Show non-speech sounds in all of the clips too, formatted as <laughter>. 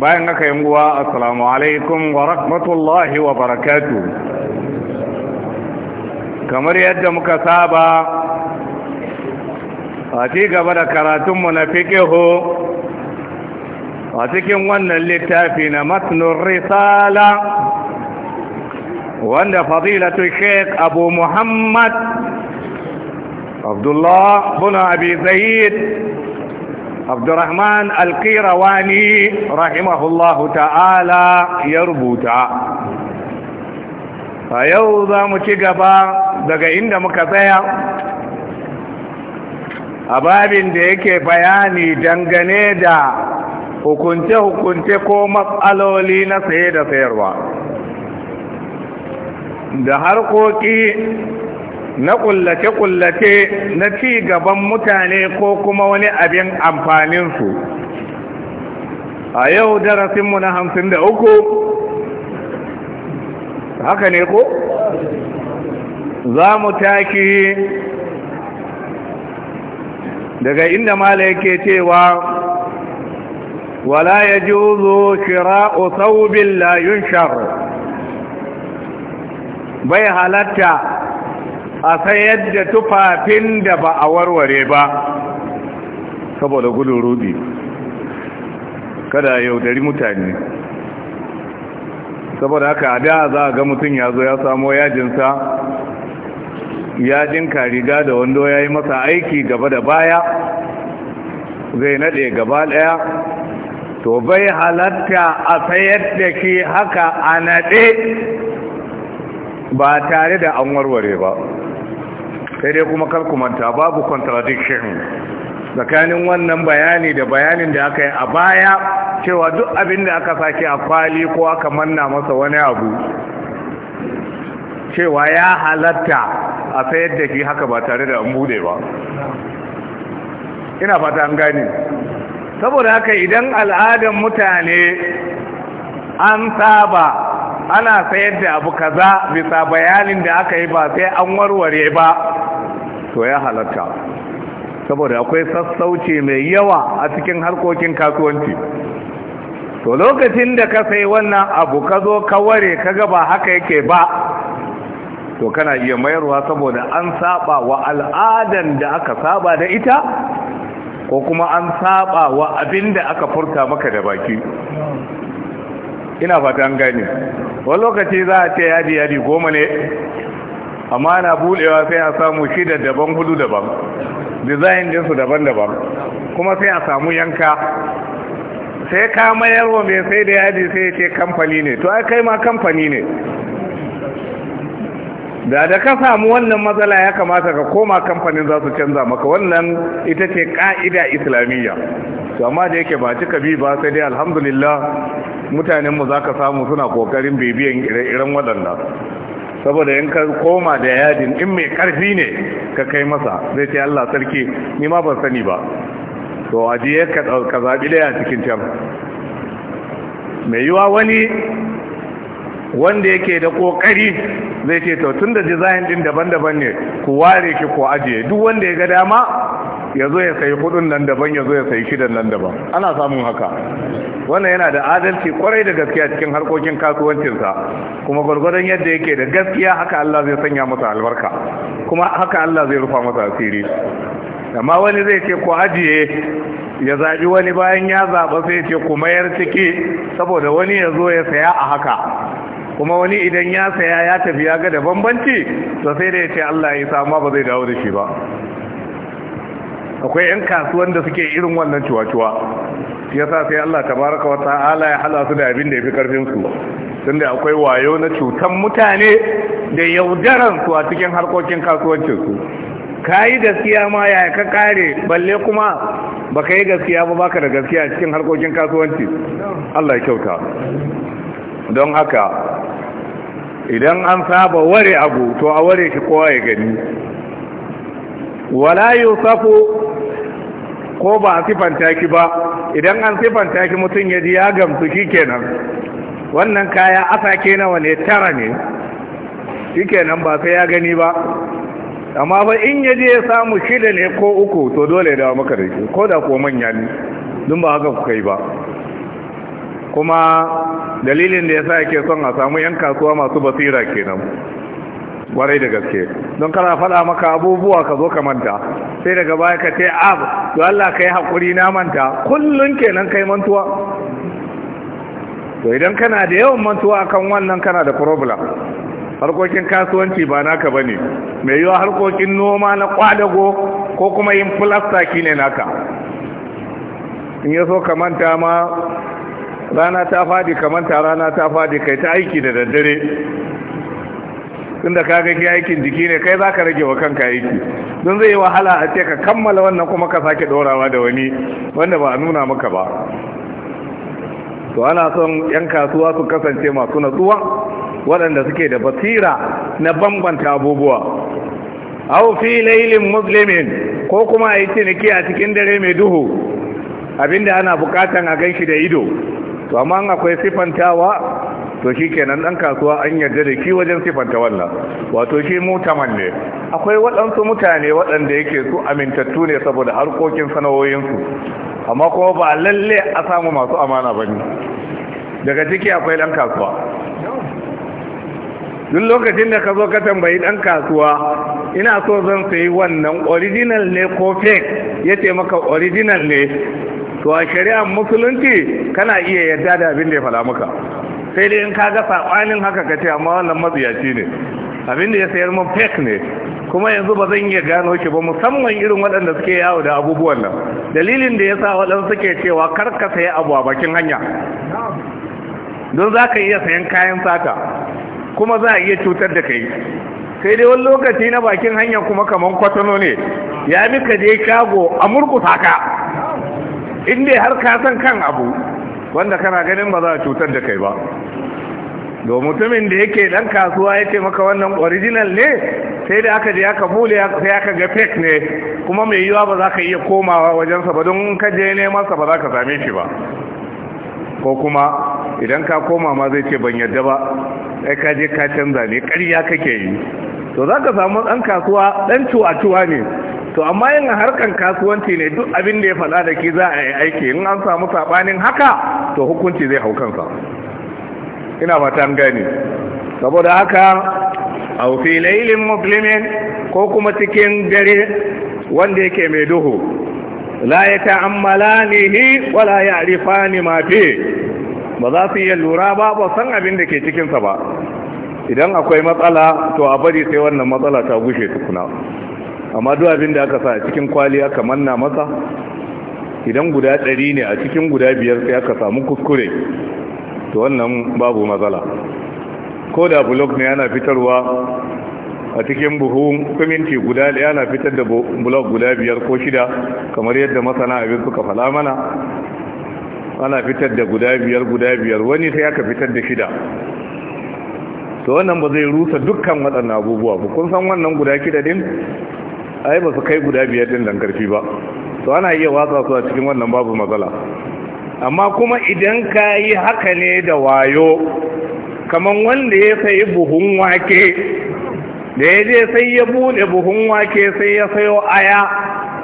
bayan aka yi nguwa assalamu alaikum wa rahmatullahi wa barakatu kamar yadda muka saba a ci gaba da karatunmu na fikihu a cikin wannan littafi na matnun risala wanda fadilatu sheik abu muhammad abdullah bin abi zayid abdurrahman alkirawani rahimahullahu ta'ala ya rubuta a yau za mu ci gaba daga inda muka tsaya a babin da yake bayani dangane da hukunce-hukunce ko matsaloli na saye da sayarwa da harkoki na kullace-kullace na ci gaban mutane ko kuma wani abin amfaninsu a yau darasinmu na hamsin da uku haka ne ko? za mu taki daga inda mala yake cewa wala ya ji uzo shira'u saubin layun bai halatta a sayar da tufafin da ba a warware ba saboda gudun rubi kada yaudari mutane saboda haka da za a ga mutum ya zo ya samo yajinsa ya ɗinka riga da wando ya yi masa aiki gaba da baya zai naɗe gaba ɗaya to bai halatta a sayar da ke haka a naɗe ba tare da an warware ba sai dai kuma manta babu contradiction tsakanin wannan bayani da bayanin da aka yi a baya cewa duk abin da aka saki a kwali ko aka manna masa wani abu cewa ya halatta a sayar da shi haka ba tare da an bude ba ina fata an gani saboda haka idan al'adar mutane an saba ana sayar da abu kaza bisa bayanin da aka yi ba sai an warware ba to ya halatta saboda akwai sassauci mai yawa a cikin harkokin kasuwanci to lokacin da ka sai wannan abu ka zo ka ka ga ba haka yake ba to kana iya mayarwa saboda an saba wa al'adan da aka saba da ita ko kuma an saba wa abin da aka furta maka da baki ina fatan gani wani lokaci za a ce yadi yadi goma ne amma ana bulewa sai a samu shida daban hudu daban design dinsu daban-daban kuma sai a samu yanka sai ka mayar wa mai sai da yadi sai ya ce kamfani ne to ai kai ma kamfani ne da da ka samu wannan matsala ya kamata ka koma kamfanin za su canza maka wannan ita ce ka'ida islamiyya to amma da yake ba cika bi ba sai dai alhamdulillah mutanenmu za ka samu suna kokarin bibiyan ire-iren waɗanda saboda in ka koma da yadin in mai karfi ne ka kai masa zai ce Allah sarki ni ma ban sani ba to ajiye ka ka zabi daya cikin can mai yiwa wani wanda yake da kokari zai ce to tunda design din daban-daban ne ku ware ki ku ajiye duk wanda ya ga dama ya zo ya sayi hudun nan daban ya zo ya sayi shidan nan daban ana samun haka wannan yana da adalci kwarai da gaskiya cikin harkokin kasuwancinsa kuma gwargwadon yadda yake da gaskiya haka Allah zai sanya masa albarka kuma haka Allah zai rufa masa asiri amma wani zai ce ku ajiye ya zaɓi wani bayan ya zaɓa sai ce ku mayar ciki saboda wani ya zo ya saya a haka kuma wani idan ya saya ya tafi ya ga da bambanci to sai da ya ce Allah ya sa amma ba zai dawo da shi ba akwai yan kasuwan da suke irin wannan cuwa-cuwa sa sai Allah tabaraka wata'ala ya hala su da abin da yafi karfin su da akwai wayo na cutar mutane da yaudaran su a cikin harkokin kasuwancinsu. Ka yi gaskiya ma ya ka kare balle kuma baka yi gaskiya ba baka da gaskiya cikin harkokin kasuwanci Allah ya kyauta don haka idan an saba ware abu to a ware shi kowa ya gani wala yusafu ko ba a sifanta ki ba idan an sifanta ki mutum ya ji ya gamsu shi kenan wannan kaya asake nawa ne tara ne shi kenan ba sai ya gani ba amma ba in ya ji ya samu shida ne ko uku to dole ya maka da shi ko da ko manya ne dun ba haka kuka yi ba kuma dalilin da ya sa yake son a samu 'yan kasuwa masu basira kenan warai da gaske don kana faɗa maka abubuwa ka zo ka manta sai daga baya ka ce a, ah, to Allah kai hakuri na manta kullun kenan kai mantuwa to idan kana da yawan mantuwa akan wannan kana da problem harkokin kasuwanci ba naka bane Me yiwa harkokin noma na kwadago ko kuma yin plaster kine naka in yaso ka manta ma rana ta fadi ka manta rana ta fadi kai ta aiki da daddare tunda ka ga aikin jiki ne kai zaka rage wa kanka aiki don zai yi wahala a ce ka kammala wannan kuma ka sake dorawa da wani wanda ba a nuna maka ba to ana son yan kasuwa su kasance masu natsuwa waɗanda suke da basira na bambanta abubuwa au fi laylin muslimin ko kuma a yi ciniki a cikin dare mai duhu abinda ana bukatan a gan shi da ido to amma akwai sifantawa to shi kenan ɗan kasuwa an yarda da shi wajen sifanta wannan wato shi mutaman ne akwai waɗansu mutane waɗanda yake su amintattu ne saboda harkokin sana'o'insu amma kuma ba lalle a samu masu amana ba ne daga ciki akwai ɗan kasuwa duk lokacin da ka zo ka tambayi ɗan kasuwa ina so zan sayi wannan original ne ko fake ya maka original ne to a shari'ar musulunci kana iya yarda da abin da ya fada maka sai dai in ka ga saɓanin haka ka ce amma wannan matsiyaci ne abin da ya sayar mun fake ne kuma yanzu ba zan iya gano shi ba musamman irin waɗanda suke yawo da abubuwan nan dalilin da ya sa waɗanda suke cewa kar ka sayi abu a bakin hanya don za ka iya sayan kayan sata kuma za a iya cutar da kai sai dai wani lokaci na bakin hanya kuma kamar kwatano ne ya bi ka je shago a murkusa ka inda har ka san kan abu wanda kana ganin ba za a cutar da kai ba do mutumin da yake dan kasuwa ya maka wannan original ne sai da aka je aka bule sai aka ga fake ne kuma mai yiwa ba za ka iya komawa wajensa ba don ka je neman sa ba za ka same shi ba ko kuma idan ka koma ma zai ce ban yadda ba sai ka je ka canza ne ƙarya kake yi to za ka samu ɗan kasuwa ɗan cuwa-cuwa ne to amma yin harkar kasuwanci ne duk abin da ya faɗa da ke za a yi aiki in an samu saɓanin haka to hukunci zai hau kansa ina fata an gani. saboda haka a fi lailin muslimin ko kuma cikin dare wanda yake mai duhu la ya ta'ammala ni, wala ya arifa ni mafi ba za su iya lura ba ba san abin da ke cikinsa ba idan akwai matsala to a bari sai wannan matsala ta gushe tukuna amma duk abin da aka sa a cikin kwali aka manna masa idan guda ɗari ne a cikin guda biyar sai aka samu kuskure to wannan babu matsala ko da blog ne yana fitarwa a cikin buhu kuminti guda da yana fitar da blog guda biyar ko shida kamar yadda masana abin suka fala mana ana fitar da guda biyar guda biyar wani sai aka fitar da shida to wannan ba zai rusa dukkan waɗannan abubuwa ba kun san wannan guda kida din ai ba su kai guda biyar din dan karfi ba to ana iya watsa su a cikin wannan babu matsala amma kuma idan ka yi haka ne da wayo kamar wanda ya sayi buhun wake da ya je sai ya bude buhun wake sai ya sayo aya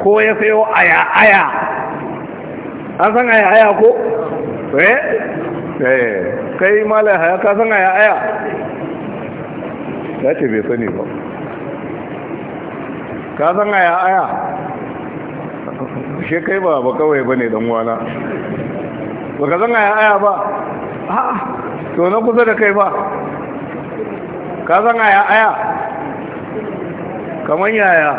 ko ya sayo aya aya an san aya aya ko? eh? eh kai mala haya ka san aya aya ya ce bai sani ba ka san aya aya shi kai ba ba kawai ba ne dan wana ba ka san aya aya ba ha to na kusa da kai ba ka san aya aya kamar yaya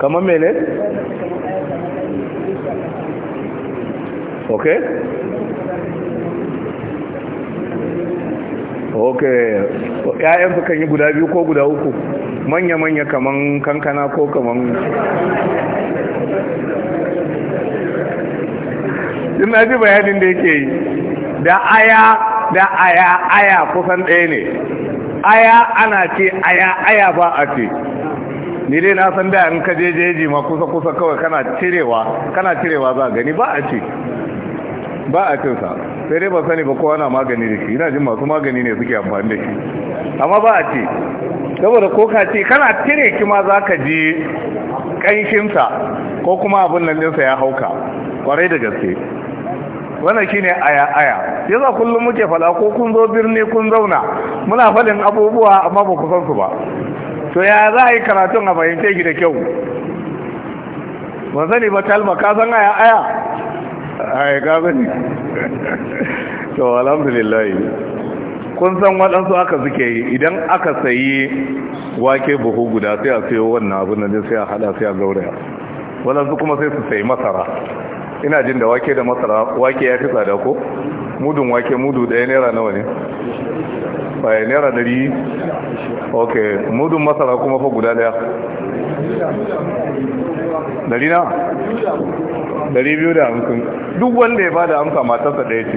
kamar mene ok ok ƴaƴan su kan yi guda biyu ko guda uku manya-manya kaman kankana ko kaman ina ji bayanin da yake yi da aya da aya aya kusan ɗaya ne aya ana ce aya aya ba a ce ni dai na san da in ka jeji ma kusa kusa kawai kana cirewa kana cirewa za gani ba a ce ba a cin sa sai dai ba sani ba kowa na magani da shi ina jin masu magani ne suke amfani da shi amma ba a ce saboda ko ka ce kana tire ki ma za ka ji kanshin sa ko kuma abin nan sa ya hauka kwarai da gaske wannan shine aya aya yasa kullum muke fada ko kun zo birni kun zauna muna faɗin abubuwa amma ba ku san su ba to ya za a yi karatun a fahimce ki da kyau ban sani ba talma ka san aya aya ai ka gani to alhamdulillah kun san waɗansu aka suke yi idan aka sayi wake buhu guda sai a sayo wannan abin nan sai a hada sai a gauraya waɗansu kuma sai su sayi masara ina jin da wake da masara wake ya fi tsada ko mudun wake mudu ɗaya naira nawa ne bai naira dari ok mudun masara kuma fa guda ɗaya dari na? dari biyu da hamsin duk wanda ya bada amsa matarsa ɗaya ce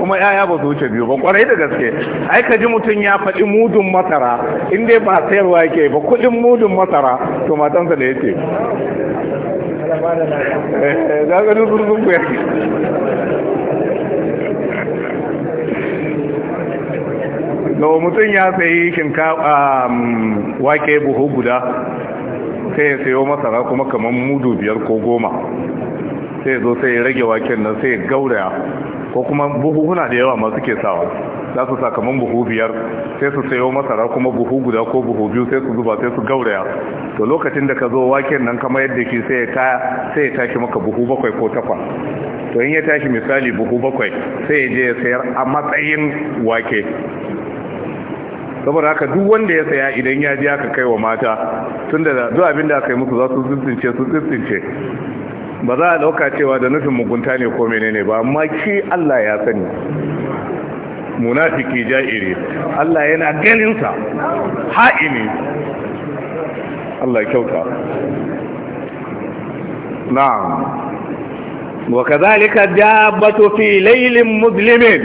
kuma yaya ba su wuce biyu ba kwarai da gaske ai ka ji mutum ya faɗi mudun masara in dai ba sayarwa yake ba kuɗin mudun masara to matarsa da ce, eh, za ka duk ku yake mutum ya sayi shinkafa um, wake buhu guda sai ya sayo masara kuma kamar mudu biyar ko goma sai ya zo sai ya rage waken nan sai ya gauraya ko kuma buhuhuna da yawa masu ke sawa za su sa kamar buhu biyar sai su sayo masara kuma buhu guda ko buhu biyu sai su zuba sai su gauraya to lokacin da ka zo waken nan kama yadda ki sai ya tashi maka buhu bakwai ko takwas to in ya tashi misali buhu bakwai sai ya je ya sayar a matsayin wake saboda haka duk wanda ya saya idan ya ji aka kai wa mata tun da duk abin da aka yi musu za su tsintsince su tsintsince ba za a ɗauka cewa da nufin mugunta ne ko menene ba amma ki Allah ya sani munafiki ja'iri Allah yana ganinsa ha'ini Allah kyauta na'am wa kadhalika dabbatu fi laylin muzlimin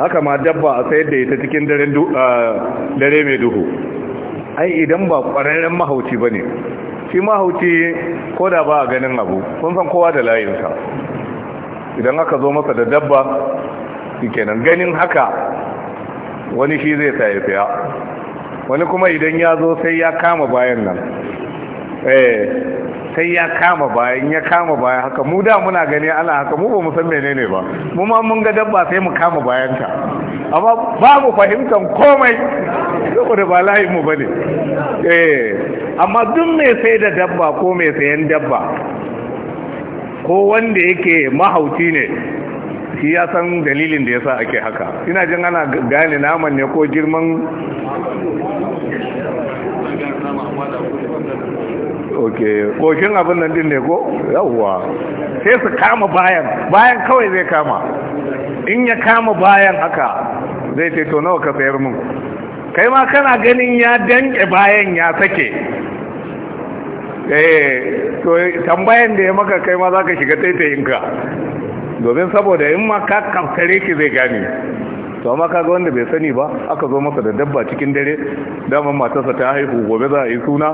haka ma dabba a sayar da ita cikin dare mai duhu ai idan ba ƙwararren mahauci ba ne shi mahauci ko da ba a ganin abu kun san kowa da layinsa idan aka zo masa da dabba kenan ganin haka wani shi zai saye saya wani kuma idan ya zo sai ya kama bayan nan eh, sai ya kama bayan ya kama bayan haka mu da muna gani ana haka mu ba mu san menene ba mu ma mun ga dabba sai mu kama bayanta amma ba mu fahimtar komai saboda ba layin mu bane eh amma duk mai sai da dabba ko mai sayan dabba ko wanda yake mahauci ne shi ya san dalilin da ya sa ake haka ina jin ana gane naman ne ko girman ok kokin abin nan din ne ko yawwa sai su kama bayan bayan kawai zai kama in ya kama bayan haka zai ce to nawa ka sayar mun kai ma kana ganin ya danke bayan ya sake eh to tambayan da ya maka kai ma za ka shiga taitayinka domin saboda in ma ka kamtare ki zai gane to amma kaga wanda bai sani ba aka zo masa da dabba cikin dare daman matarsa ta haihu gobe za a yi suna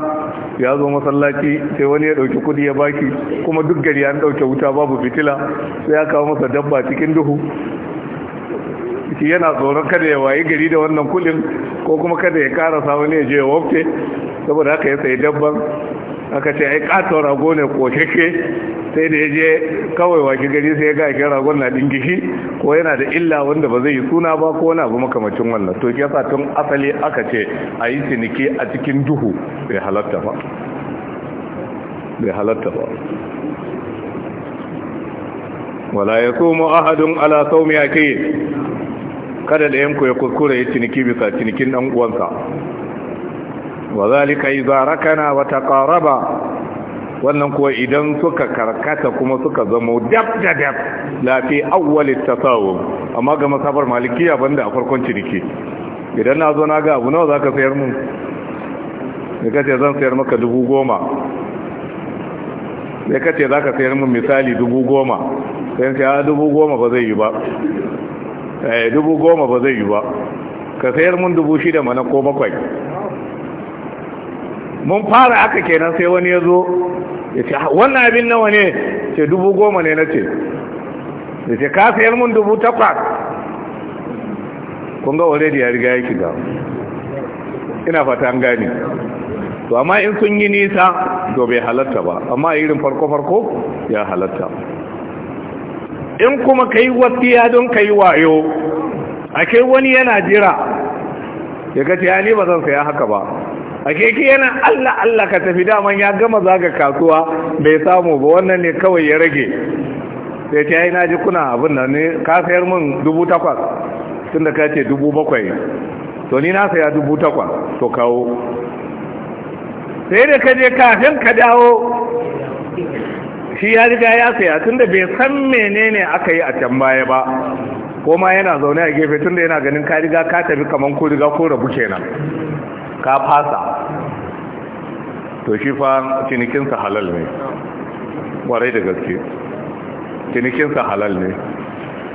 ya zo masallaci sai wani ya dauki kudi ya baki kuma duk gari an dauke wuta babu fitila sai ya kawo masa dabba cikin duhu shi yana tsoron kada ya wayi gari da wannan kulin ko kuma kada ya karasa wani ya je ya wofte saboda haka ya sayi dabban aka ce ai katon rago ne koshashe sai da ya je kawai washe gari sai ya ga shi ragon na dingishi ko yana da illa wanda ba zai yi suna ba ko wani abu makamacin wannan to yasa tun asali aka ce a yi ciniki a cikin duhu bai halatta ba bai halatta ba wala ya somo ahadun ala saumi ake kada da yanku ya kuskure ya ciniki bisa cinikin dan uwansa wa zalika idza rakana wa taqaraba wannan kuwa idan suka karkata kuma suka zamo dab da dab la fi awwal tasawum amma ga masabar malikiya banda a farkon ciniki idan na zo na ga abu nawa zaka sayar mun ne kace zan sayar maka dubu goma da kace zaka sayar mun misali dubu goma sai ka ah, dubu goma ba zai yi ba eh dubu goma ba zai yi ba ka sayar mun dubu shida mana ko bakwai mun fara aka kenan sai wani ya zo ya ce ah, wannan abin nawa ne ce dubu goma ne na ce ya ce ka sayar mun dubu takwas kun ga already ya riga ya ga ina fata an gani to amma in sun yi nisa to bai halatta ba amma irin farko-farko ya halatta in kuma ka yi wasiya don ka yi wayo a kai wani yana jira ya gaci ya ne ba zan saya haka ba a keke yana Allah Allah ka tafi daman ya gama zaga kasuwa bai samu ba wannan ne kawai ya rage sai ta yi naji kuna abin nan ne ka sayar min dubu takwas da ka ce dubu bakwai to ni na saya dubu takwas to kawo sai da ka je kafin ka dawo shi ya riga ya saya tun da bai san menene aka yi a can baya ba ko ma yana zaune a gefe tun da yana ganin ka riga ka tafi kaman ko riga ko rabu kenan ka fasa to shi fa cinikinsa halal ne ƙwarai da gaske cinikinsa halal ne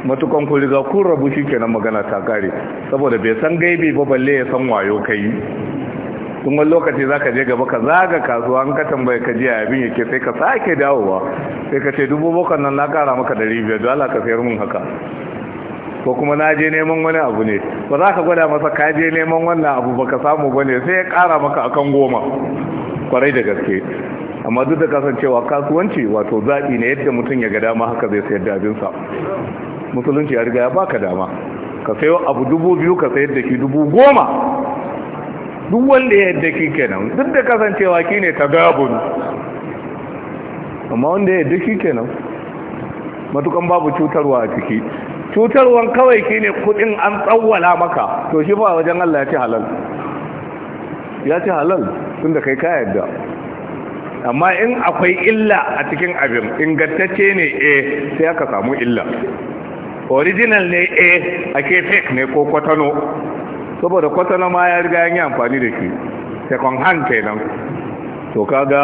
matukan ku riga ku rabu shi kenan magana ta kare saboda bai san gaibi ba balle ya san wayo kai tun wani lokaci za ka je gaba ka zaga kasuwa an ka tambaye ka ji abin yake sai ka sake dawowa sai ka ce dubu bakwai nan na kara maka dari biyar dala ka sayar mun haka ko kuma na je neman wani abu ne ba za ka gwada masa ka je neman wannan abu baka samu ba ne sai ya kara maka akan goma kwarai da gaske amma duk da kasancewa kasuwanci wato zaɓi ne yadda mutum ya ga dama haka zai sayar da abinsa musulunci ya riga ya baka dama ka sayo abu dubu biyu ka sayar da shi dubu goma duk wanda ya yadda ki kenan duk da kasancewa ki ne ta gabun amma wanda ya yadda ki kenan matukan babu cutarwa a ciki cutarwan kawai ne kudin an tsawwala maka to shi ba wajen Allah ya ce halal ya ce halal da kai ka yadda amma in akwai illa a cikin abin ingantacce ne eh sai aka samu illa original ne eh ake fake ne ko kwatano saboda kwatano ma ya riga yin amfani da shi second hand kenan to kaga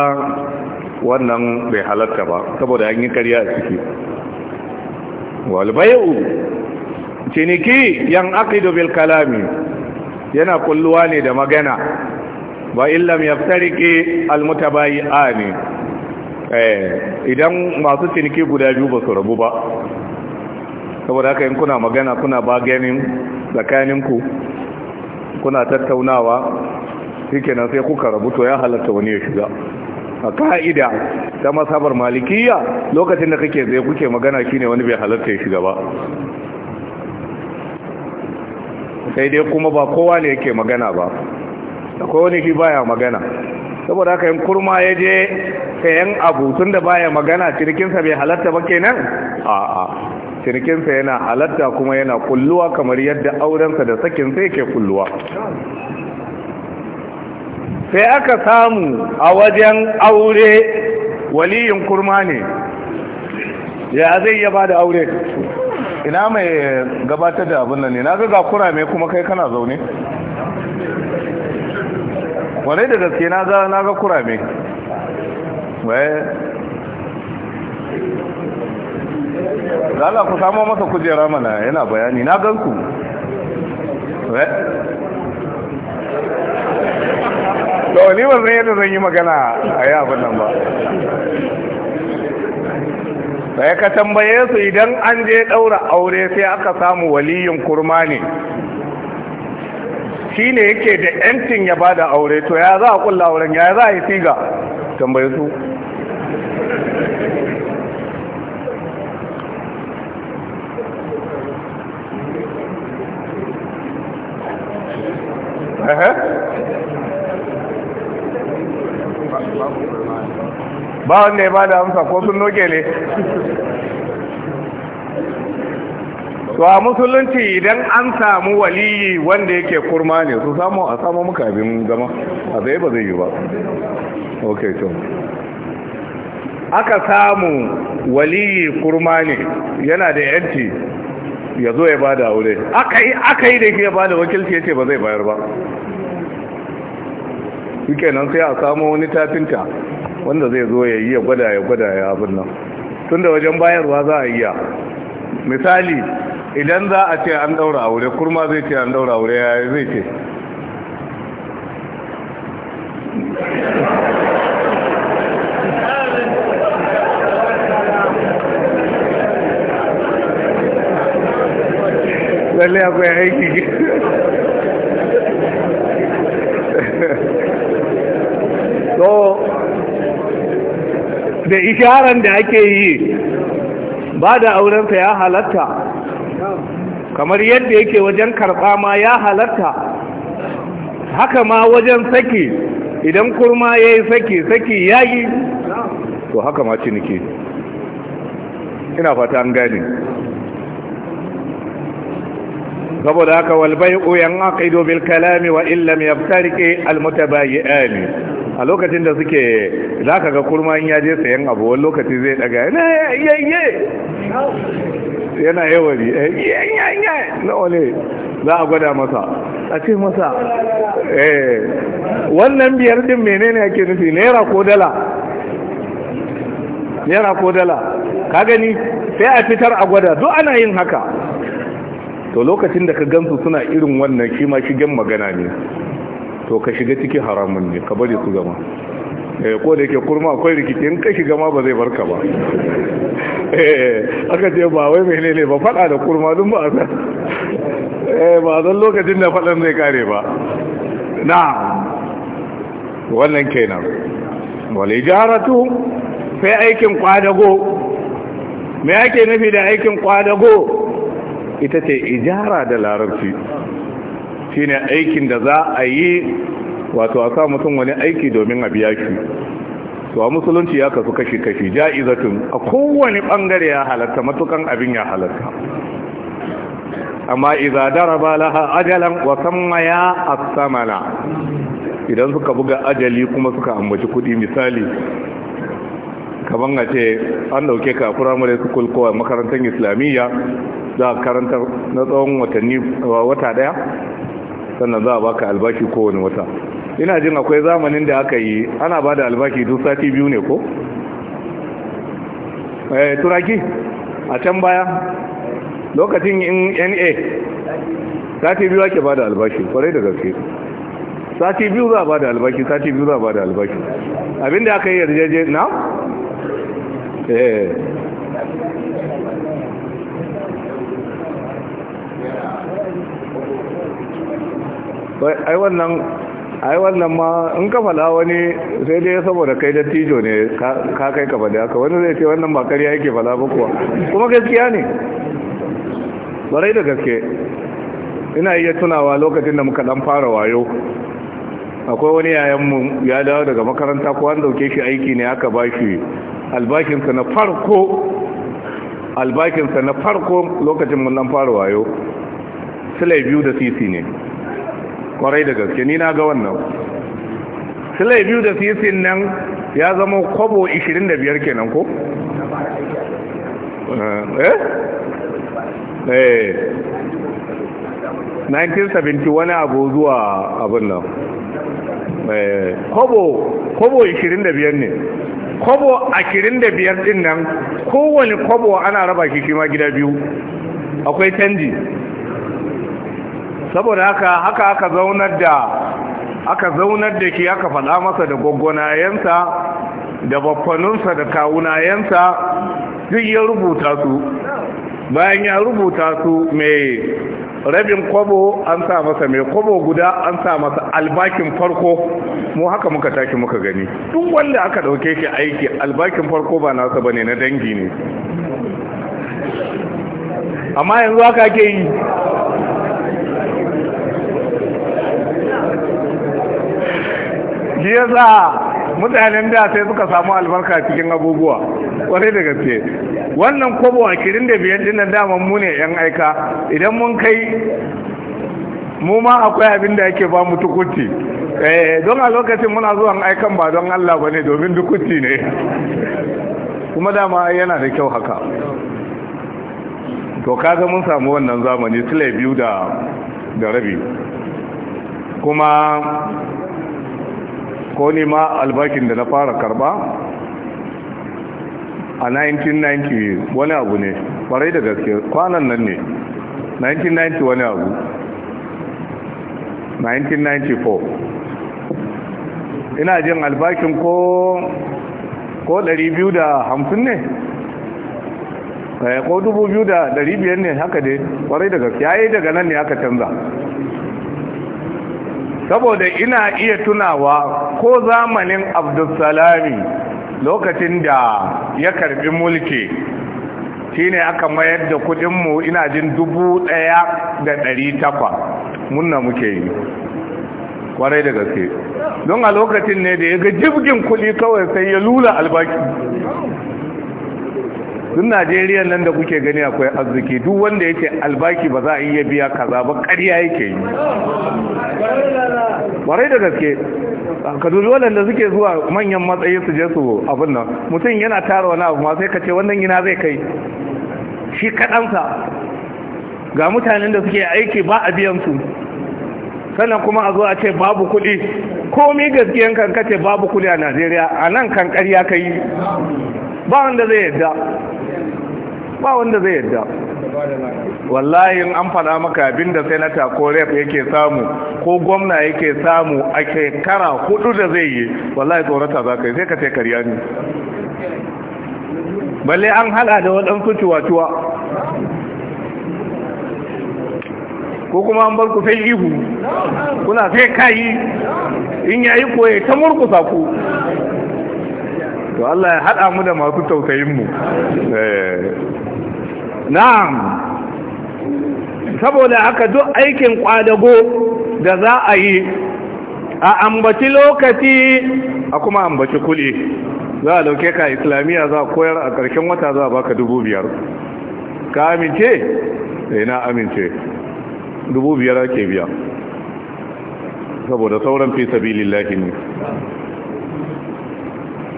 wannan bai halatta ba saboda an yi karya a ciki bay'u ciniki yan aqidu bil kalami yana kulluwa ne da magana ba illam yaftariki al mutabayi'ani eh idan masu ciniki guda biyu ba su rabu ba saboda haka in kuna magana kuna ba ganin tsakanin ku kuna tattaunawa shikenan sai kuka rabu to ya halatta wani ya shiga a ka'ida ta masabar malikiya lokacin da kake zai kuke magana shine wani bai halarta ya shiga ba sai dai kuma ba kowa ne yake magana ba akwai wani shi baya magana saboda haka yin kurma ya je sayan abu tun da baya magana cinikinsa bai halarta ba kenan a'a cinikinsa yana halarta kuma yana kulluwa kamar yadda aurensa da sakinsa yake kulluwa sai aka samu a wajen aure waliyin kurma ne ya zai iya da aure ina mai gabatar da abin nan ne na ga kura mai kuma kai kana zaune wane da gaske na ga na ga kura mai waye Allah ku samo masa kujera mana yana bayani na gan ganku to ni ba zan yadda zan yi magana a yi abin nan ba sai ka tambaye su idan an je ɗaura aure sai aka samu waliyin kurma ne shi ne yake da yancin ya bada aure to ya za a kulla auren ya za a yi siga tambaye su Uh-huh. ba wanda ya bada amsa ko sun noke ne to a musulunci idan an samu waliyi wanda yake kurma ne su samu a samu muka abin zama a zai ba zai yi ba ok to aka samu waliyi kurma ne yana da yanci ya zo ya bada aure aka yi da ke bada wakilci ya ce ba zai bayar ba shi kenan sai a samu wani tafinta wanda zai zo ya yi ya gwada ya gwada ya abin nan tun da wajen bayarwa za a yi ya misali idan za a ce an daura aure kurma zai ce an daura aure ya zai ce lalle akwai aiki da isharar da ake yi ba da aurensa ya halatta kamar yadda yake wajen karɓa ma ya halatta haka ma wajen saki idan kurma ya yi saki saki ya yi to haka ma ciniki ina fata an bai, saboda haka walbai'u yan aqidu bil kalami wa illam yaftariki al mutabayyi'ani a lokacin da suke za ka ga kurma in ya sayan abu wani lokaci zai daga yana yayye yana yawari eh, yayye na za a gwada masa a ce masa eh wannan biyar din menene ake nufi naira ko dala naira ko dala ka gani sai a fitar a gwada duk ana yin haka to lokacin da ka gansu suna irin wannan shi ma shigen magana ne to ka shiga cikin haramun ne ka bari su zama. Eh, ko da yake kurma akwai rikici in ka shiga ma ba zai barka ba eh, aka ce ba wai mai ne ba fada da kurma dun ba a eh, ba zan lokacin da fadan zai kare ba na wannan kenan wale jaratu sai aikin kwadago mai ake nufi da aikin kwadago ita ce ijara da larabci shine aikin da za a yi wato a sa mutum wani aiki domin a biya shi to a musulunci ya kasu kashi-kashi ja'izatun a kowane bangare ya halatta matukan abin ya halatta amma idza daraba laha ajalan wa ya idan suka buga ajali kuma suka ambaci kudi misali kaman a ce an dauke ka primary school ko makarantar islamiyya za ka karanta na tsawon watanni wata daya sannan za a baka albashi kowane wata ina jin akwai zamanin da aka yi ana ba da albashi duk sati biyu ne ko? eh turaki a can baya lokacin in na sati biyu ake ba da albashi kwarai da gaske sati biyu za a ba da albashi sati biyu za a ba da albashi abinda aka yi yarjeje na? eh ai wannan ai wannan ma in ka fada wani sai dai saboda kai dattijo ne ka kai ka fada haka wani zai ce wannan ba kariya yake fada ba kuwa kuma gaskiya ne barai da gaske ina iya tunawa lokacin da muka dan fara wayo akwai wani yayanmu ya dawo daga makaranta ko an dauke shi aiki ne aka ba shi albakinsa na farko albakinsa na farko lokacin mun dan fara wayo silai biyu da sisi ne kwarai da gaske ni na ga wannan silai biyu da sisin nan ya zama kwabo 25 kenan ko? eh? eh 1970 wani abu zuwa abin nan Kobo eh, kwabo kwabo 25 ne kwabo 25 din nan kowane kwabo ana raba shi shi ma gida biyu akwai canji saboda haka haka aka zaunar da aka zaunar da ke aka faɗa masa da gwaggwanayensa da bakwanunsa da kawunayensa duk ya rubuta su bayan ya rubuta su mai rabin kwabo an sa masa mai kwabo guda an sa masa albakin farko mu haka muka tashi muka gani duk wanda aka ɗauke shi aiki albakin farko ba nasa ba ne na dangi ne amma yanzu haka ke yi shi sa mutanen da sai suka samu albarka cikin abubuwa kwarai da gaske wannan kobo biyar din nan daman mu ne yan aika idan mun kai mu ma akwai abin da yake ba mu tukuti eh, don a lokacin muna zuwan aikan ba don Allah ba ne domin dukuti ne kuma dama yana da kyau haka to kaga mun samu wannan zamani sule biyu da rabi kuma ko ne ma albakin da na fara karba a 1990 wani abu ne kwarai da gaske kwanan nan ne 1990 wani abu 1994 ina jin albakin ko ko 250 ne eh, ko 2500 ne haka dai kwarai da gaske Ya yi daga nan ne haka canza saboda ina iya tunawa ko zamanin abdulsalami lokacin da ya karbi mulki shine aka mayar da kudinmu ina jin dubu ɗaya da ɗari takwa munna muke yi kwarai da gaske don a lokacin ne da ya ga jibgin kudi kawai sai ya lula albaki Dun najeriya nan da kuke gani akwai arziki duk wanda ya ce albaki ba za a iya biya kaza ba ƙarya yake yi warai da gaske ka dubi waɗanda suke zuwa manyan matsayi su je su abin nan mutum yana tara wani abu ma sai ka ce wannan gina zai kai shi kaɗansa ga mutanen da suke aiki ba a biyan su sannan kuma a zo a ce babu kuɗi komi gaskiyan kan kace babu kuɗi a najeriya a nan kan ƙarya ka yi ba wanda zai yadda ba wanda zai yadda wallahi an faɗa maka abinda senator ko ref yake samu ko gwamna yake samu a shekara hudu da zai yi wallahi tsorata za ka yi sai ka ce karya ne balle an hada da waɗansu cuwa-cuwa ko kuma an bar ku sai ihu kuna sai kayi in yayi koye ta murkusa ku to Allah ya haɗa mu da masu tausayinmu eh. na'am saboda aka duk aikin kwadago da za a yi a ambaci lokaci a kuma ambaci kuli, za a dauke ka islamiyya za a koyar a ƙarshen wata za a baka dubu biyar ka amince? sai eh, na amince dubu biyar ake biya saboda sauran fi lillahi ne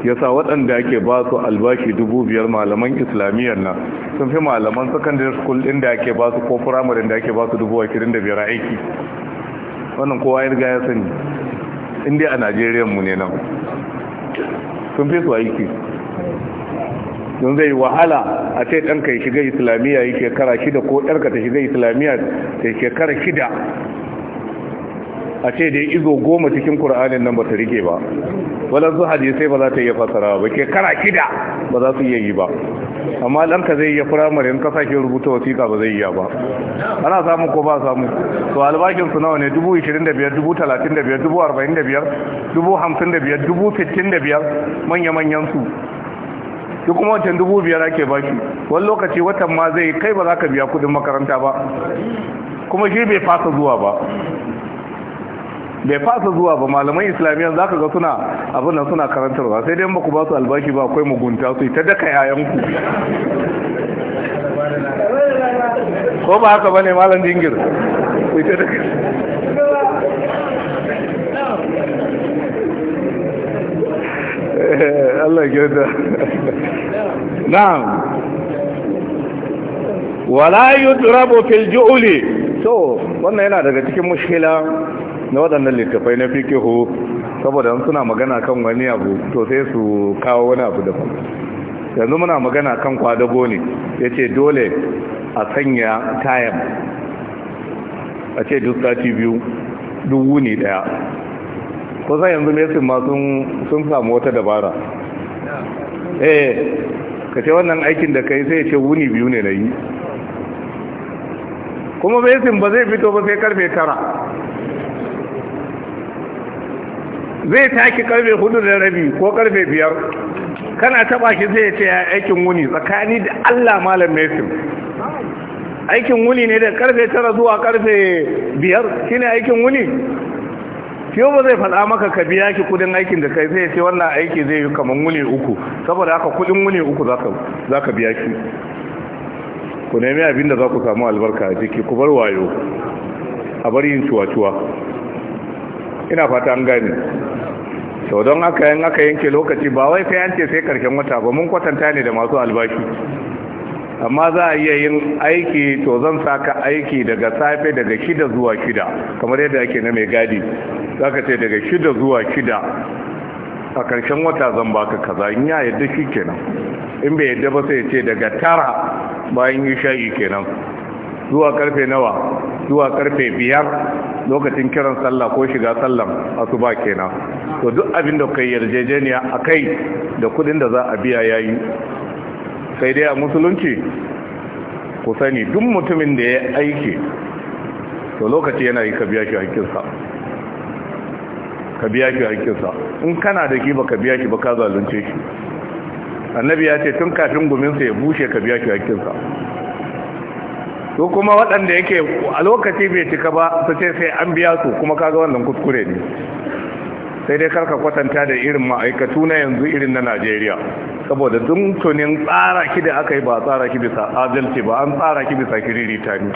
Ya sa waɗanda ake ba su albashi dubu biyar malaman islamiyyar nan sun fi malaman secondary school ɗin da ake ba su ko firamare da ake ba su dubu ashirin da biyar aiki wannan kowa ya riga ya sani inda a najeriya mu ne nan sun fi su aiki don zai wahala a ce ɗanka ya shiga islamiyya ya shekara shida ko ɗarka ta shiga islamiyya ta shekara shida a ce dai izo goma cikin Kur'anin nan ba ta rike ba walansu hadisai ba za ta iya fasara ba ke kara kida ba za su iya yi ba amma ɗanka zai iya firamare in ka sake rubuta wasiƙa ba zai iya ba ana samu ko ba samu to albashin su nawa ne dubu ishirin da biyar dubu talatin da biyar dubu arba'in da biyar dubu hamsin da biyar dubu sittin da biyar manya-manyan su duk kuma wancan dubu biyar ake bashi wani lokaci watan ma zai kai ba za ka biya kuɗin makaranta ba kuma shi bai fasa zuwa ba bai fasa zuwa ba malamai islamiyya za ka ga suna abin nan suna karantarwa sai dai ba ku ba su albashi ba akwai mugunta su ta daka yayan ku ko ba haka bane malam dingir daka <laughs> Allah ya kyauta na'am wala yudrabu fil ju'li to wannan yana daga cikin mushkila na waɗannan littafai na fi fikihu saboda suna magana kan wani abu to sai su kawo wani abu daban yanzu muna magana kan kwadago ne ya ce dole a sanya tayan a ce duk sati biyu duk wuni daya kusan yanzu mesin ma sun samu wata dabara eh ka ce wannan aikin da kai sai ce wuni biyu ne na yi kuma mesin ba zai fito ba sai karfe tara zai taki karfe hudu da rabi ko karfe biyar kana taba shi zai ce aikin wuni tsakani da Allah malam Mesim aikin wuni ne da karfe tara zuwa karfe biyar shine aikin wuni yau ba zai faɗa maka ka biya ki kudin aikin da kai zai ce wannan aiki zai yi kamar wuni uku saboda haka kudin wuni uku za ka biya ki ku nemi abin da za ku samu albarka a jiki ku bar wayo a bar yin cuwa-cuwa ina fata an gane to don haka yan aka yanke lokaci ba wai sai an ce sai karshen wata ba mun kwatanta ne da masu albashi amma za a iya yin aiki to zan saka aiki daga safe daga shida zuwa shida kamar yadda ake na mai gadi za ka ce daga shida zuwa shida a karshen wata zan baka kaza in ya yadda shi kenan in bai yadda ba sai ce daga tara bayan yi sha'i kenan zuwa karfe nawa zuwa karfe biyar lokacin kiran sallah ko shiga sallan ke kenan to duk abin da kai yarjejeniya a kai da kudin da za a biya ya yi, sai dai a musulunci ku sani duk mutumin da ya aiki to lokaci yana yi ka biya shi hakkinsa ka shi in kana da ki baka biya shi ba ka zalunce shi annabi ya ce tun kafin guminsa ya bushe ka biya shi hakkinsa to kuma waɗanda yake a lokaci bai cika ba su ce sai an biya su kuma kaga wannan kuskure ne sai dai karka kwatanta da irin ma'aikatu na yanzu irin na najeriya saboda tunin tsara ki da aka yi ba tsara ki bisa adalci ba an tsara ki bisa kiririta ne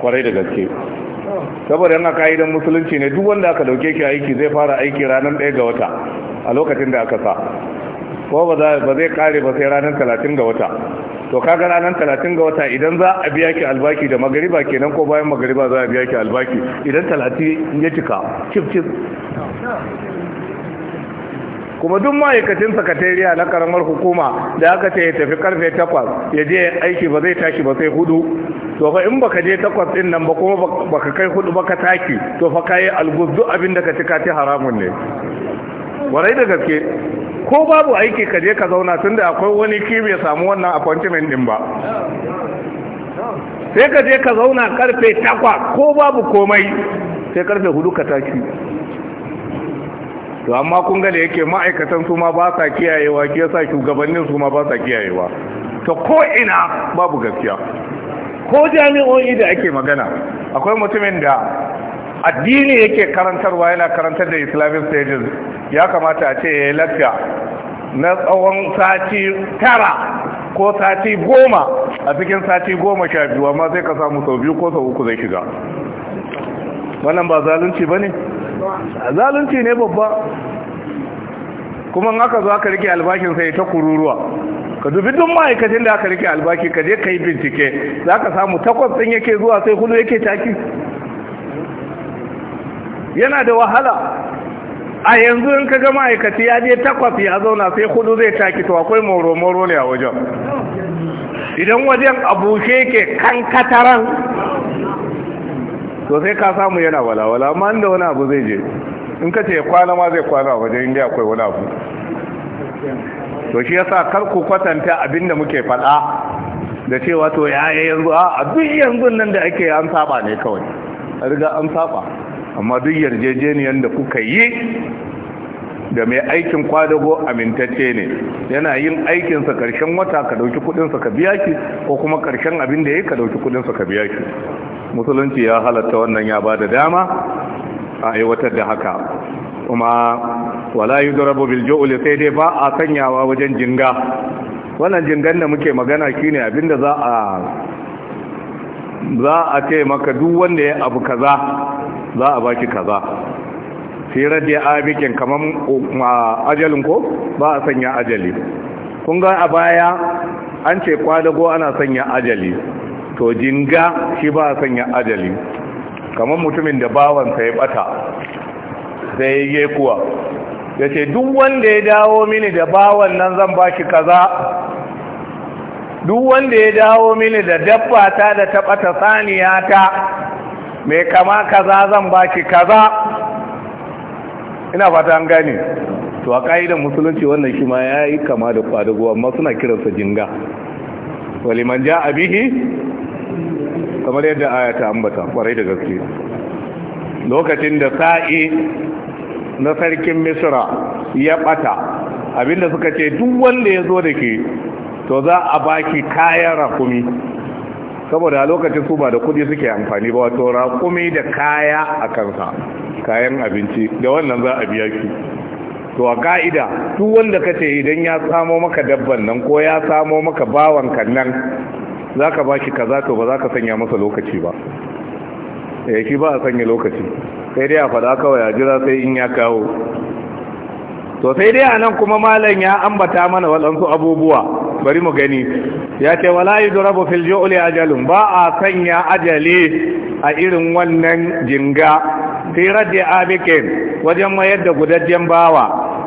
kwarai da gaske saboda yana ka'idan musulunci ne duk wanda aka dauke ki aiki zai fara aiki ranar ɗaya ga wata a lokacin da aka sa ko ba zai kare ba sai ranar talatin ga wata to kaga ranar talatin ga wata idan za a biya ki albaki da magariba kenan ko bayan magariba za a biya ki albaki idan talatin ya cika cif cif kuma duk ma'aikacin sakatariya na karamar hukuma da aka ce ya tafi karfe takwas ya je aiki ba zai tashi ba sai hudu to fa in baka je takwas din nan ba kuma baka kai hudu baka taki to fa kayi alguz duk abin da ka cika ta haramun ne warai da gaske ko babu aiki ka je ka zauna tunda akwai wani ki mai samu wannan appointment din ba sai ka je ka zauna karfe takwa ko babu komai sai karfe hudu ka tashi to amma kun gane yake ma'aikatan su ma ba sa kiyayewa ke sa shugabannin su ma ba sa kiyayewa to ko ina babu gaskiya ko jami'o'i da ake magana akwai mutumin da addini yake karantarwa yana karantar da islamic stages ya kamata a ce ya yi lafiya na tsawon sati tara ko sati goma a cikin sati goma sha biyu amma zai ka samu sau biyu ko sau uku zai shiga wannan ba zalunci ba ne? zalunci ne babba kuma aka zo aka rike albashin sai ta kururuwa ka dubi duk ma'aikacin da aka rike albashi ka je ka yi bincike za ka samu takwas ɗin yake zuwa sai hudu yake taki yana da wahala a yanzu in ka ga aikaci ya je takwas ya zauna sai hudu zai taki to akwai moro-moro ne a wajen idan wajen abushe ke kataran to sai ka samu yana walawala amma inda wani abu zai je in ka ce kwana ma zai kwana a wajen inda akwai wani abu to shi yasa kar ku kwatanta da muke faɗa da cewa to yaya yanzu a abin yanzu nan da ake an saba ne kawai riga an saba amma duk yarjejeniyar da kuka yi da mai aikin kwadago amintacce ne yana yin aikinsa karshen wata ka dauki kudinsa ka biya ki ko kuma karshen abin da ya ka dauki kudinsa ka biya ki musulunci ya halatta wannan ya ba da dama a aiwatar da haka kuma wala yudrabu bil ju'l sai dai ba a sanyawa wajen jinga wannan jingan da muke magana shine abinda za a za a ce maka duk wanda ya abu kaza za a baki kaza sai radiya abikin kamar ajalin ko ba a sanya ajali kun ga a baya an ce kwadago ana sanya ajali to jinga shi ba a sanya ajali kamar mutumin da bawansa ya bata sai ya kuwa ya ce duk wanda ya dawo mini da bawan nan zan baki kaza duk wanda ya dawo mini da dabba ta da taɓata saniya ta mai kama kaza zan baki kaza ina fata an gane to a ƙa'idar musulunci wannan shi ma ya yi kama da kwadago amma suna kiransa jinga waliman ja abihi kamar yadda aya ta ambata kwarai da gaske lokacin da sa'i na sarkin misra ya bata abinda suka ce duk wanda ya zo da ke to za a baki kayan rakumi saboda a lokacin su ba da kudi suke amfani ba wato raƙumi da kaya a kansa kayan abinci da wannan za a biya ki to a ka'ida duk wanda ka ce idan ya samo maka dabban nan ko ya samo maka bawan kan nan za ka ba shi ka za ba za ka sanya masa lokaci ba ya eh, shi ba a sanya lokaci sai dai a faɗa kawai a jira sai in ya kawo to sai dai a nan kuma malam ya ambata mana waɗansu abubuwa bari mu gani ya ce wala yudrabu fil uli ajalun ba a sanya ajali a irin wannan jinga fi raddi abikin wajen mayar da gudajen bawa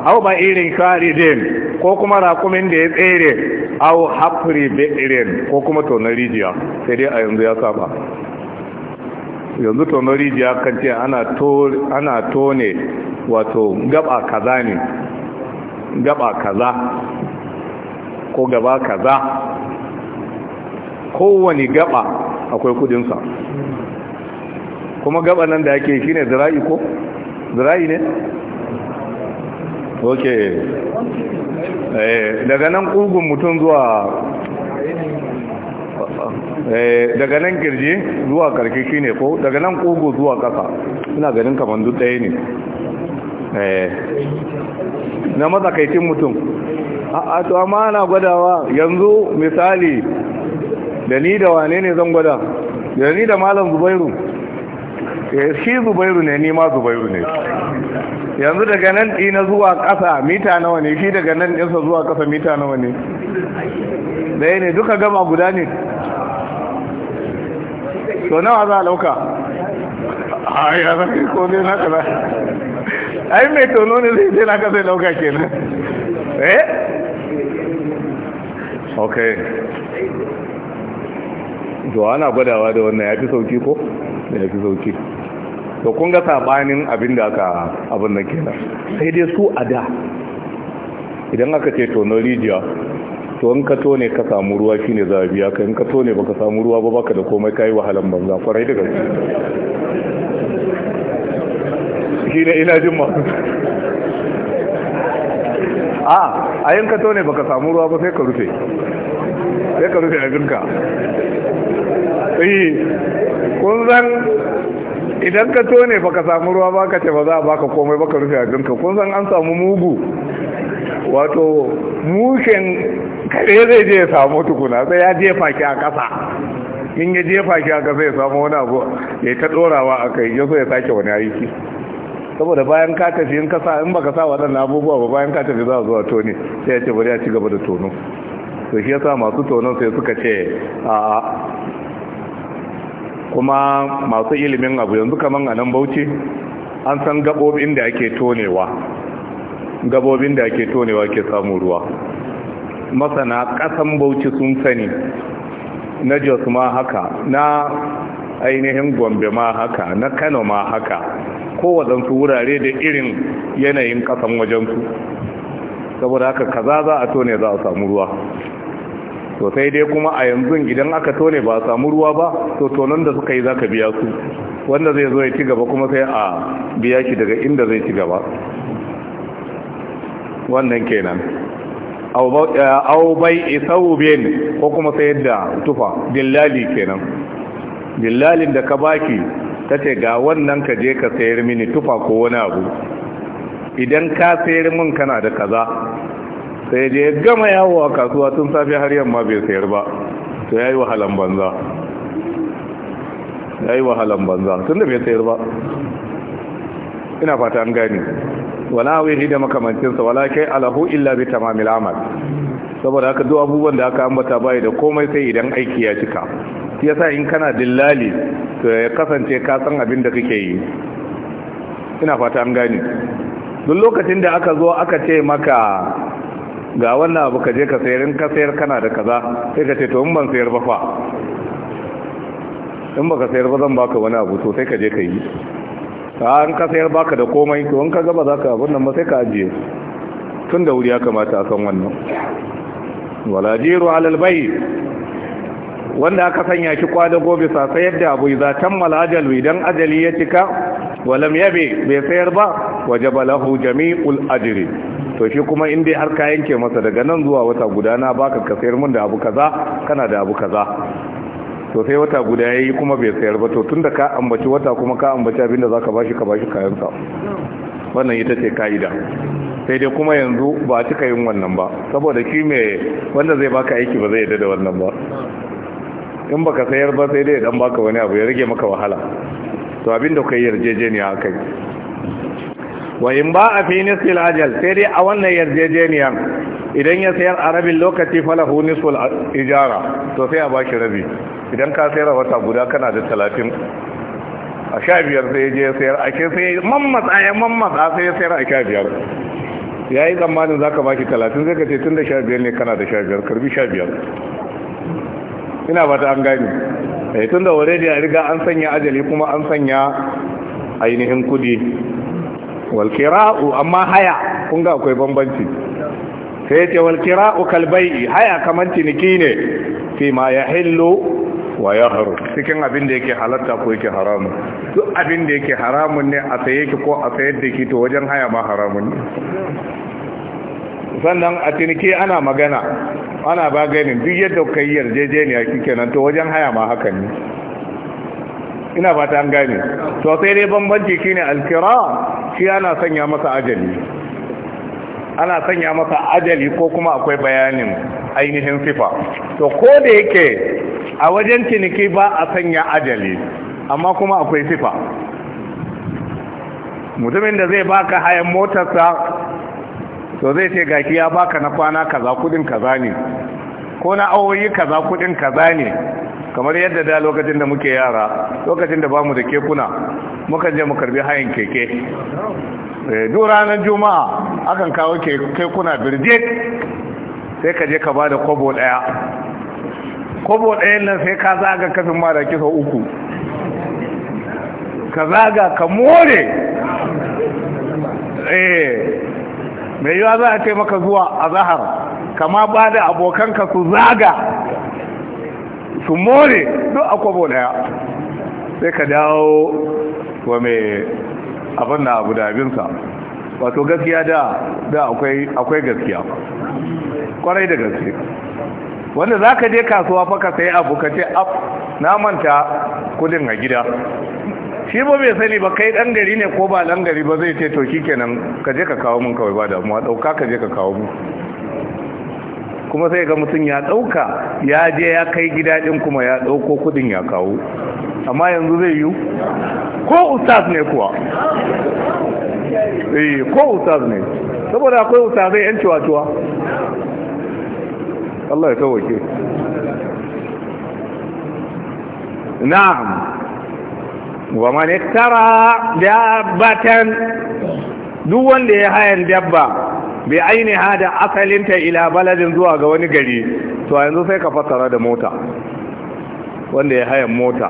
hau ba irin karidin ko kuma rakumin da ya tsere au da bi'irin ko kuma tonar rijiya sai dai a yanzu ya saba yanzu tonar rijiya kan ce ana tone wato gaba kaza ne gaba kaza ko gaba kaza kowane gaba akwai kudinsa kuma gaba nan da yake ne zira'i ko zira'i ne ok eh, daga nan kugun mutum zuwa eh, daga nan kirje zuwa karki ne ko daga nan kugu zuwa kasa suna ganin kamar duk ɗaya ne eh, na matsakaicin mutum a to amma ana gwadawa yanzu misali da ni da wane ne zan gwada da ni da malam zubairu eh, shi zubairu ne ni ma zubairu ne yanzu daga nan ina zuwa ƙasa mita nawa ne shi daga nan ɗinsa zuwa ƙasa mita nawa ne ɗaya ne duka gama guda ne to nawa za a lauka a ya zafi ko ne na a ai mai tono ne zai zai na kasa lauka kenan eh okay to ana gwadawa da wannan ya fi sauki ko ya fi sauki to kun ga sabanin abin da aka abin da kenan sai dai su a da idan aka ce tono rijiya to in ka tone ka samu ruwa shine za a biya ka in ka tone baka samu ruwa ba baka da komai kai wahalan banza kwarai da gaske shine ina jin ma a a yanka to ne baka samu ruwa ba sai ka rufe sai ka rufe abinka eh kun zan idan ka ne baka samu ruwa ba ka ce ba za a baka komai baka rufe abinka kun zan an samu mugu wato mushen kare zai je ya samu tukuna sai ya jefa ki a ƙasa in ya jefa ki a ƙasa ya samu wani abu ya ta dorawa a kai ya so ya sake wani aiki saboda bayan ka tafi in kasa in baka sa waɗannan abubuwa ba bayan ka tafi za a zuwa toni sai ya ce bari ya ci gaba da tono to shi yasa masu tonon sai suka ce a kuma masu ilimin abu yanzu kaman a nan bauchi an san gabobin da ake tonewa gabobin da ake tonewa ke samu ruwa masana kasan bauchi sun sani na jos ma haka na ainihin gombe ma haka na kano ma haka kowadansu wurare da irin yanayin kasan wajensu saboda haka kaza za a tone za a samu ruwa to sai dai kuma a yanzu idan aka tone ba a samu ruwa ba to tonon da suka yi za ka biya su wanda zai zo ya ci gaba kuma sai a biya shi daga inda zai ci gaba wannan kenan aubai bai isau ben ko kuma sayar da tufa dillali kenan dillalin da ka baki ta ce ga wannan ka je ka sayar mini tufa ko wani abu idan ka sayar min kana da kaza sai je ya gama yawo a kasuwa tun safi har yamma bai sayar ba to ya yi wahalan banza ya yi wahalan banza tun da bai sayar ba ina fata an gani wala wihi da sa wala kai alahu illa bi tamamil amal saboda haka duk abubuwan da aka ambata bai da komai sai idan aiki ya cika shi yasa in kana dillali to ya kasance ka san abin da kake yi ina fata an gane duk lokacin da aka zo aka ce maka ga wannan abu ka je ka sayar in ka sayar kana da kaza sai ka ce to in ban sayar ba fa in baka sayar ba zan baka wani abu to sai ka je ka yi ta an ka sayar baka da komai to in ka gaba za ka abun nan ba sai ka ajiye tun da wuri ya kamata a san wannan wala jiru alal bai wanda aka sanya shi kwadago bisa sayar da abu za tammala ajalu idan ajali ya cika walam yabe bai sayar ba wajaba lahu jami'ul ajri to shi kuma in dai har ka yanke masa daga nan zuwa wata guda na baka ka sayar mun da abu kaza kana da abu kaza to sai wata guda yayi kuma bai sayar ba to tunda ka ambaci wata kuma ka ambaci abinda zaka bashi ka bashi kayan sa wannan ita ce kaida sai dai kuma yanzu ba a cika yin wannan ba saboda shi mai wanda zai baka aiki ba zai yadda da wannan ba in baka sayar ba sai dai dan baka wani abu ya rage maka wahala to abin da kai yarjejeniya akai wa in ba a fi nisfil ajal sai dai a wannan yarjejeniya idan ya sayar a rabin lokaci falahu nisful ijara to sai a baki rabi idan ka sayar wata guda kana da talatin a sha biyar sai je sayar a ke sai mammatsa ya a sai ya sayar a sha biyar ya yi tsammanin za ka baki talatin zai ka ce tun da sha biyar ne kana da sha biyar karbi sha biyar ina ba ta an gani eh tun da already da riga an sanya ajali kuma an sanya ainihin kudi wal kira'u amma haya kun ga akwai bambanci sai ce wal kira'u kal bai'i haya kamar ciniki ne fi ma yahillu wa yahru cikin abin da yake halatta ko yake haramun duk abin da yake haramun ne a saye ki ko a sayar da ki to wajen haya ma haramun ne sannan a ciniki ana magana ana ba ganin duk yadda ka yi yarjejeniya kike nan to wajen haya ma hakan ne ina ba ta an gane to sai dai bambanci shine alkira shi ana sanya masa ajali ana sanya masa ajali ko kuma akwai bayanin ainihin sifa to ko da yake a wajen ciniki ba a sanya ajali amma kuma akwai sifa mutumin da zai baka hayan motarsa to zai ce gashi ya baka na kwana kaza kudin kaza ne ko na awoyi kaza kudin kaza ne kamar yadda da lokacin da muke yara lokacin da bamu da kekuna muka je mu karbi hayin keke eh, duk ranar juma'a akan kawo kekuna birje sai ka je ka bada kobo daya kobo dayan nan sai ka zaga kafin mara kiso uku ka zaga ka more eh mai yiwa za a taimaka zuwa a zahar kama ba da abokanka su zaga su more duk a kwabo daya sai ka dawo wa mai abin da abu dabinsa wato gaskiya da akwai gaskiya kwarai da gaske wanda za ka je kasuwa faka ka sai abu ka ce na manta kudin a gida shi ba bai sani ba kai dan gari ne ko ba dan gari ba zai ce to kenan ka je ka kawo mun kawai ba damuwa dauka ka je ka kawo mu kuma sai ga mutum ya dauka ya je ya kai gida din kuma ya dauko kudin ya kawo amma yanzu zai yi ko ustaz ne kuwa eh ko ustaz ne saboda akwai ustazai yan ciwatuwa Allah ya tawake ke na'am wa man ittara dabbatan duk wanda ya hayan dabba bi ainiha da asalinta ila baladin zuwa ga wani gari to yanzu sai ka fassara da mota wanda ya hayan mota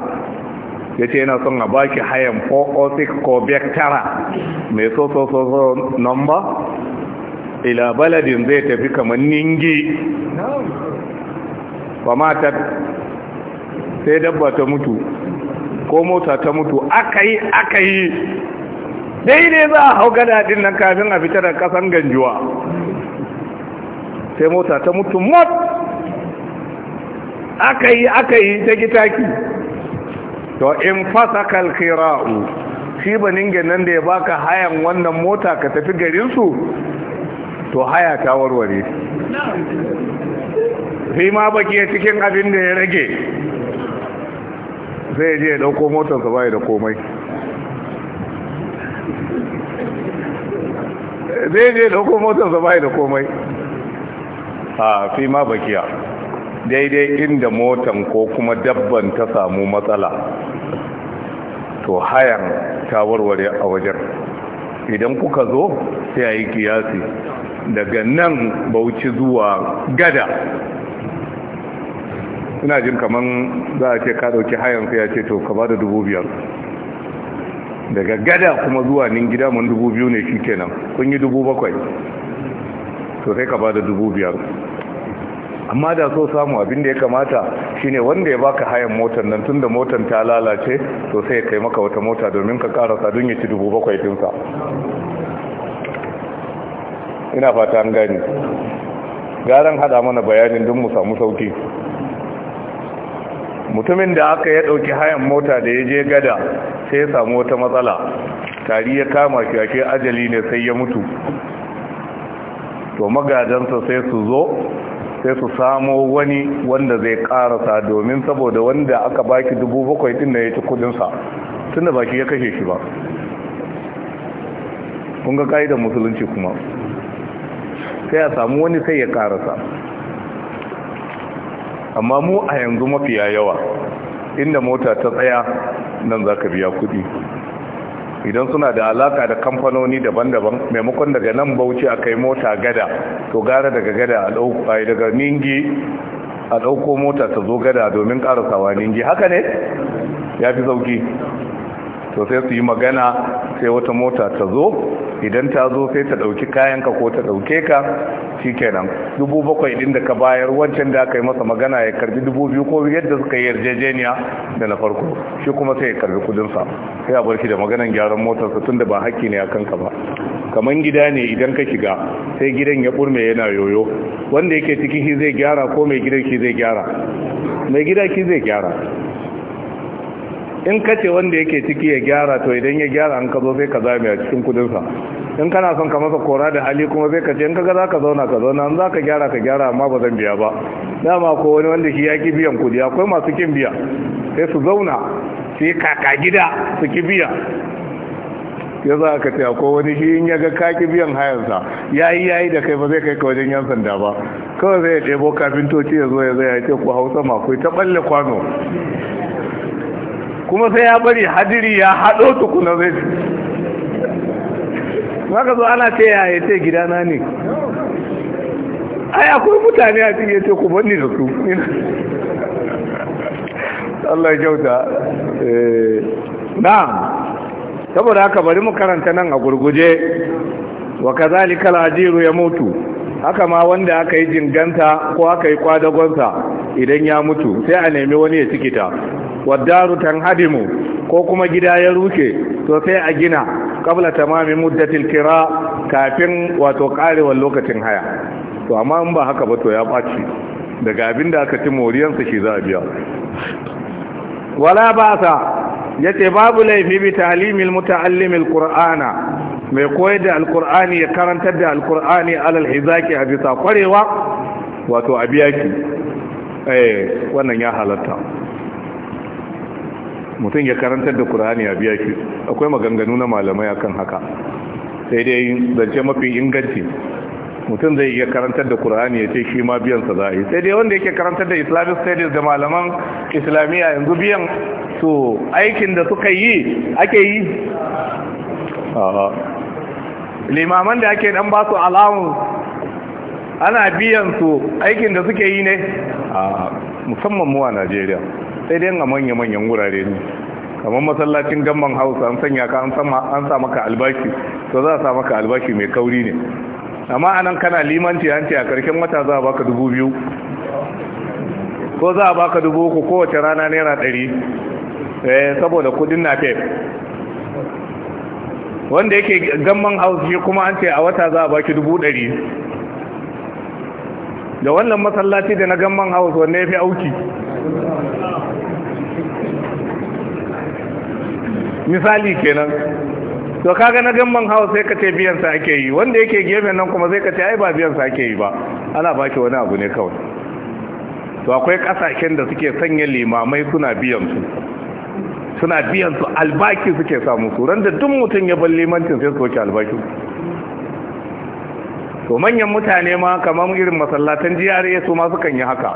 ya ce yana son a baki hayan 406 ko bektara mai so so so so number ila baladin zai tafi kamar ningi kwamatar sai dabba ta mutu ko mota ta mutu aka yi aka yi daidai za a hau gada din nan kafin a fita da kasan ganjuwa sai mota ta mutu mot aka yi aka yi ta gitaki to in fasa kalkira'u shi baningen nan da ya baka hayan wannan mota ka tafi garinsu to haya ta warware fi ma baki cikin abin da ya rage sai je ya dauko motarsa bai da komai zai je dauko motarsa bai da komai a fi ma bakiya daidai inda motan ko kuma dabban ta samu matsala to hayan ta warware a wajen idan kuka zo sai a yi kiyasi daga nan bauchi zuwa gada ina jin kaman za a ce ka dauki hayan sai ya ce to ka bada dubu biyar daga gada kuma zuwa nin gida mun dubu biyu ne shi kenan kun yi dubu bakwai to sai ka bada dubu biyar amma da so samu abin da ya kamata shine wanda ya baka hayan motar nan tunda motar ta lalace to sai ya kai maka wata mota domin ka karasa don ya ci dubu bakwai dinsa ina fata an gani garan hada mana bayanin don mu samu sauki mutumin da aka ya ɗauki hayan mota da ya je gada sai ya samu wata matsala tari ya kama shi ake ajali ne sai ya mutu to magajansa sai su zo sai su samo wani wanda zai karasa domin saboda wanda aka baki dubu bakwai din da ya ci kudinsa tun da baki ya kashe shi ba kun ga ka'idar musulunci kuma sai a samu wani sai ya karasa amma mu a yanzu mafiya yawa inda mota ta tsaya nan za ka biya kudi idan suna da alaka da kamfanoni daban-daban maimakon daga nan bauchi a kai mota gada to gara daga gada a daga ningi a ɗauko mota ta zo gada domin ƙarasawa ningi haka ne ya fi sauki to sai su yi magana sai wata mota ta zo idan ta zo sai ta dauki kayanka ko ta dauke ka nan. dubu bakwai din da ka bayar wancan da aka yi masa magana ya karbi dubu biyu ko yadda suka yi yarjejeniya da na farko shi kuma sai ya karbi kudinsa sai a barki da maganan gyaran motarsa tunda ba hakki ne a kanka ba kamar gida ne idan ka shiga sai gidan ya burme yana yoyo wanda yake ciki shi zai gyara ko mai gidan shi zai gyara mai gida shi zai gyara in ka ce wanda yake ciki ya gyara to idan ya gyara an ka zo sai ka zame a cikin kudinsa in kana son ka masa kora da hali kuma sai ka ce in ka ga za ka zauna ka zauna in za ka gyara ka gyara amma ba zan biya ba dama ko wani wanda shi ya ki biyan kudi akwai masu kin biya sai su zauna su yi kaka gida su ki biya ya za ka ce akwai wani shi in ya ga ki biyan hayansa ya yi ya yi da kai ba zai kai ka wajen yan sanda ba kawai zai ya ɗebo toci ya zo ya zai ya ce ku hausa ma ku ta ɓalle kwano kuma sai ya bari hadiri ya haɗo tukuna zai ci maka zo ana ce ya ce gidana ne ai akwai mutane a cikin yace ku banni da su Allah kyauta eh, na'am saboda haka bari mu karanta nan a gurguje wa kazalika al-ajiru ya mutu haka ma wanda aka yi jinganta ko aka yi kwadagonsa idan ya mutu sai a nemi wani ya cikita hadi mu ko kuma gida ya ruke to sai a gina kabla tamami muddatil kira kafin wato karewar lokacin haya to amma in ba haka ba to ya baci daga abin da aka ci moriyansa shi za a biya wala ba sa ce babu laifi bi talimil muta'allimil qur'ana mai koyar da alkur'ani ya karantar da alkur'ani alal hizaki a bisa kwarewa wato abiyaki eh wannan ya halatta mutum ya karantar da Qur'ani a biya shi akwai maganganu na malamai akan haka sai dai zance mafi inganci mutum zai iya karantar da Qur'ani ya ce shi ma biyan sa yi sai dai wanda yake karantar da Islamic studies da malaman Islamiyya yanzu biyan to aikin da suka yi ake yi limaman da ake dan ba su alamu ana biyan su aikin da suke yi ne musamman mu a Najeriya sai dai a manya-manyan wurare ne kamar masallacin gamban hausa an sanya ka an sa maka albashi to za a sa maka albashi mai kauri ne amma anan kana limanci an ce a karshen wata za a baka dubu biyu ko za a baka dubu uku kowace rana naira ɗari eh, saboda kudin na fef wanda yake gamban hausa shi kuma an ce a wata za a baki dubu ɗari da wannan masallaci da na gamban hausa wanda ya fi auki misali kenan to kaga na gamban hawa sai ka ce biyan sa ake yi wanda yake gefen nan kuma sai ka ce ai ba biyan sa ake yi ba ana baki wani abu ne kawai to akwai kasashen da suke sanya limamai suna biyan su suna biyan su albaki suke samu su ran da duk mutum ya bar limancin sai su wuce albaki to manyan mutane ma kamar irin masallatan jiyar su ma sukan yi haka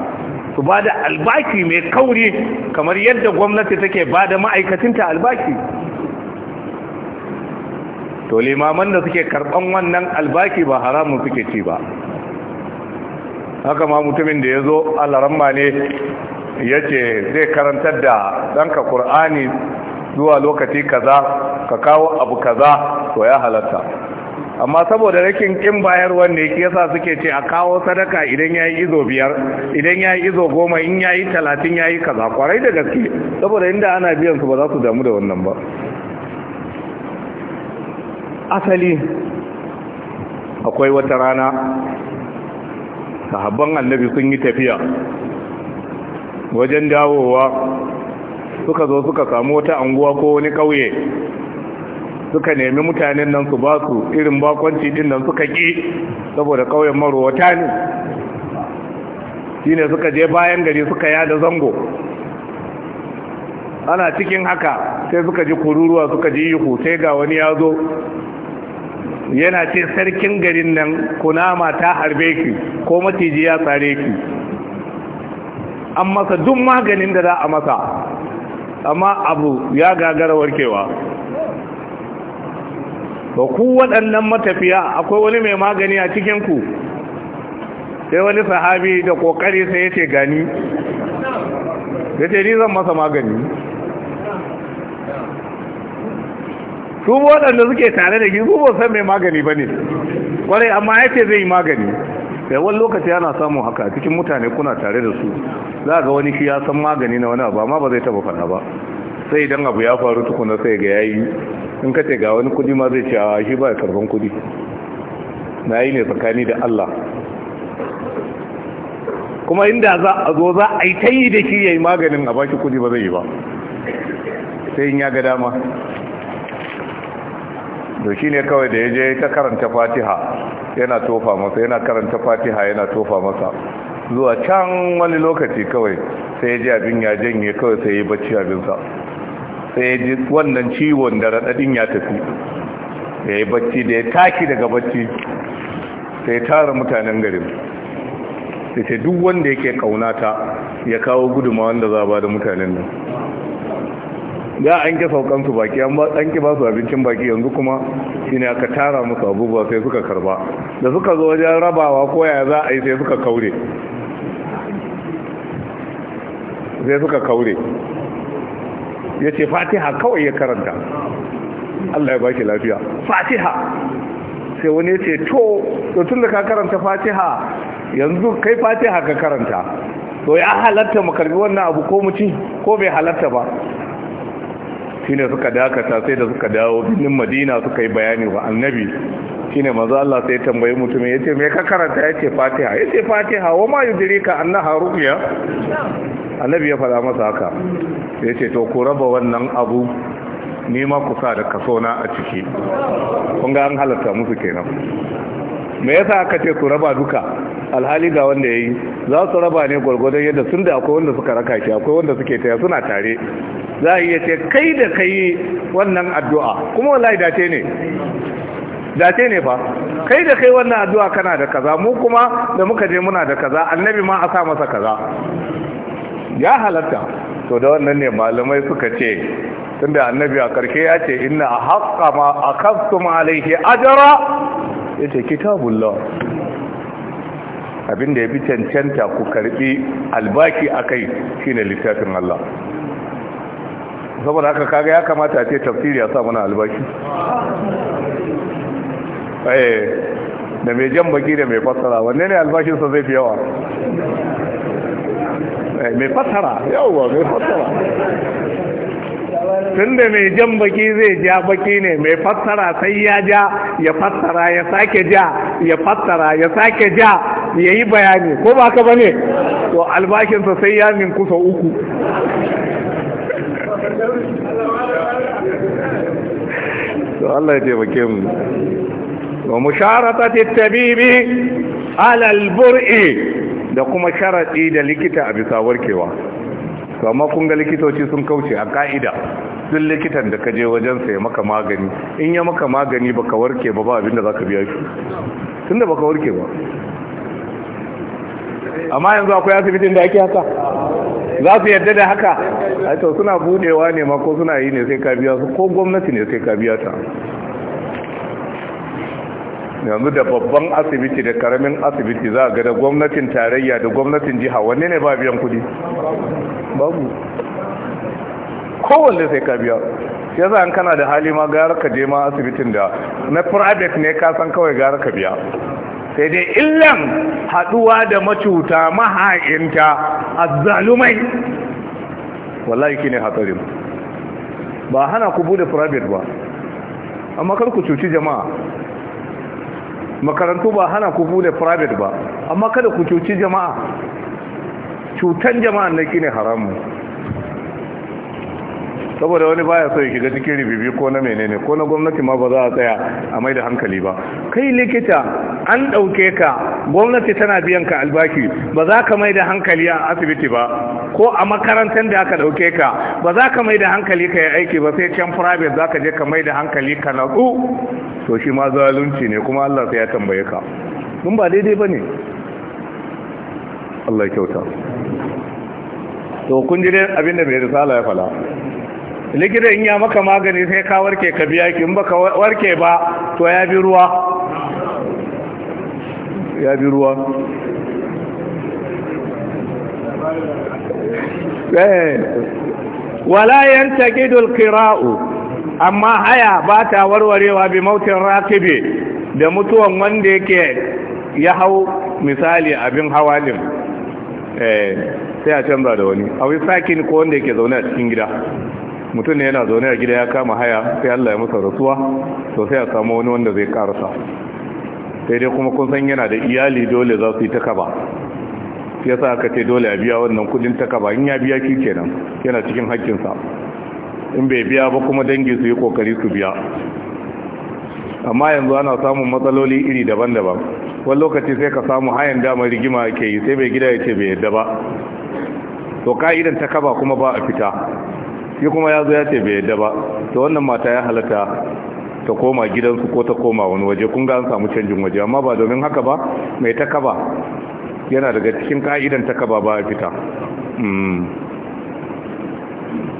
su ba da albaki mai kauri kamar yadda gwamnati take ba da ma'aikacinta albaki to limaman da suke karɓan wannan albaki ba haramun suke ci ba haka ma mutumin da ya zo alaramma ne ya ce zai karantar da ɗanka ƙur'ani zuwa lokaci kaza ka kawo abu kaza to ya halatta amma saboda rakin kin bayarwar ne ke yasa suke ce a kawo sadaka idan ya yi izo biyar idan ya yi izo goma in ya yi talatin ya yi kaza kwarai da gaske saboda inda ana biyan su ba za su damu da wannan ba asali akwai wata rana sahabban annabi sun yi tafiya wajen dawowa suka zo suka samu wata anguwa ko wani ƙauye suka nemi mutanen nan su ba su irin bakwanci din nan suka ƙi saboda ƙauyen marowata ne shine suka je bayan gari suka yada zango ana cikin haka sai suka ji kururuwa suka ji yuhu sai ga wani ya zo yana ce sarkin garin nan kunama ta harbe ki ko maciji ya tsare ki an masa duk maganin da za a masa amma abu ya gagara warkewa ba ku waɗannan matafiya akwai wani mai magani a cikinku sai wani sahabi da ƙoƙari sai ya ce gani ya ce ni zan masa magani su waɗanda suke tare da gizu ba san mai magani ba ne ƙwarai amma ya ce zai yi magani sai wani lokaci ana samun haka cikin mutane kuna tare da su za ga wani shi ya san magani na wani abu amma ba zai taba faɗa ba sai idan abu ya faru tukuna sai ga yayi in ka ce ga wani kudi ma zai ce a shi ba karban kudi na yi ne tsakani da Allah kuma inda za a zo za a yi ta yi da shi ya yi maganin a bashi kudi ba zai yi ba sai in ya ga dama da shi ne kawai da ya je ta karanta fatiha yana tofa masa yana karanta fatiha yana tofa masa zuwa can wani lokaci kawai sai ya ji abin ya janye kawai sai ya yi bacci abinsa sai ya ji wannan ciwon da raɗaɗin ya tafi ya yi bacci da ya taki daga bacci sai tara mutanen garin da ce duk wanda yake kaunata ya kawo guduma wanda za ba da mutanen nan ya an ke saukansu baki an ki ba su abincin baki yanzu kuma shine aka tara musu abubuwa sai suka karba da suka zo wajen rabawa ko ya za a yi sai suka kaure sai suka kaure ya ce fatiha kawai ya karanta Allah ya ba lafiya fatiha sai wani ya ce to tun da ka karanta fatiha yanzu kai fatiha ka karanta to ya halatta mu karbi wannan abu ko mu ko bai halatta ba shine suka dakata sai da suka dawo binin madina suka yi bayani wa annabi shine manzo Allah sai tambayi mutum yace me ka karanta yace fatiha yace fatiha wa ma yudrika annaha ya. annabi ya faɗa masa haka ya ce to ku raba wannan abu nima ku sa da kaso na a ciki kun ga an halatta musu kenan me yasa aka ce ku raba duka alhali ga wanda yayi za su raba ne gwargwadon yadda sun da akwai wanda suka raka shi akwai wanda suke taya suna tare za a iya ce kai da kai wannan addu'a kuma wallahi dace ne dace ne fa kai da kai wannan addu'a kana da kaza mu kuma da muka je muna da kaza annabi ma a sa masa kaza ya halatta to da wannan ne malamai suka ce tunda annabi a karshe ya ce inna haqqa ma akaftum alayhi ajra yace kitabullah abinda ya bi cancanta ku karbi albaki akai shine littafin Allah saboda haka kaga ya kamata a ce tafsiri ya sa mana albaki eh da mai jan baki da mai fassara wanne ne albashinsa zai fi yawa mai fassara, yawwa mai fassara. tunda mai jan baki zai ja baki ne mai fassara sai ya ja ya fassara ya sake ja ya fassara ya sake ja ya yi bayani ko ba ka bane to albashinsa sai ya kusa uku to Allah ya taimake mu wa musharatati tabibi alal bur'i. da kuma sharaɗi da likita a bisa warkewa to amma kun ga likitoci sun kauce a ka'ida duk likitan da ka je wajen sai maka magani in ya maka magani baka warke ba ba abinda zaka biya shi tunda baka warke ba amma yanzu akwai asibitin da ake haka za su yadda da haka ai to suna budewa ne ma ko suna yi ne sai ka biya su ko gwamnati ne sai ka biya ta yanzu da babban asibiti da karamin asibiti za ga da gwamnatin tarayya da gwamnatin jiha wanne ne ba biyan kudi babu kowanne sai ka biya ya za kana da hali ma gara ka je ma asibitin da na private ne ka san kawai gara ka biya sai dai illan haduwa da macuta maha'inta azzalumai wallahi kine hatsarin ba hana ku bude private ba amma kar ku cuci jama'a makarantu ba hana ku bude private ba amma kada ku cuci jama'a cutan jama'a na ne haramun saboda wani baya so ya shiga cikin ribibi ko na menene ko na gwamnati ma ba za a tsaya a mai hankali ba kai likita an ɗauke ka gwamnati tana biyan ka albaki ba za ka mai hankali a asibiti ba ko a makarantar da aka ɗauke ka ba za ka mai da hankali ka yi aiki ba sai can private za ka je ka mai da hankali ka ku. to shi ma zalunci ne kuma Allah sai ya tambaye ka mun ba daidai ba ne Allah kyauta to kun ji dai abinda mai risala ya fala likita in ya maka magani sai ka warke ka biya ki in baka warke ba to ya bi ruwa ya bi ruwa eh. wala yantaqidu alqira'u amma haya ba ta warwarewa bi mautin raqibi da mutuwan wanda yake ya hau misali abin hawa eh sai a canza da wani a wai sakin ko wanda yake zaune a cikin gida mutum ne yana zaune a gida ya kama haya sai Allah ya masa rasuwa to sai a samu wani wanda zai karasa sai dai kuma kun san yana da iyali dole za su yi takaba Ya sa aka ce dole a biya wannan kudin takaba in ya biya shi kenan yana cikin haƙƙinsa in bai biya ba kuma dangi su yi kokari su biya amma yanzu ana samun matsaloli iri daban-daban wani lokaci sai ka samu hayan damar rigima ke yi sai bai gida ya ce bai yadda ba to ka'idan takaba kuma ba a fita shi kuma ya zo ya ce bai yadda ba to wannan mata ya halatta ta koma gidansu ko ta koma wani waje kun ga an samu canjin waje amma ba domin haka ba mai ta kaba yana daga cikin ka'idan ta kaba ba fita hmm.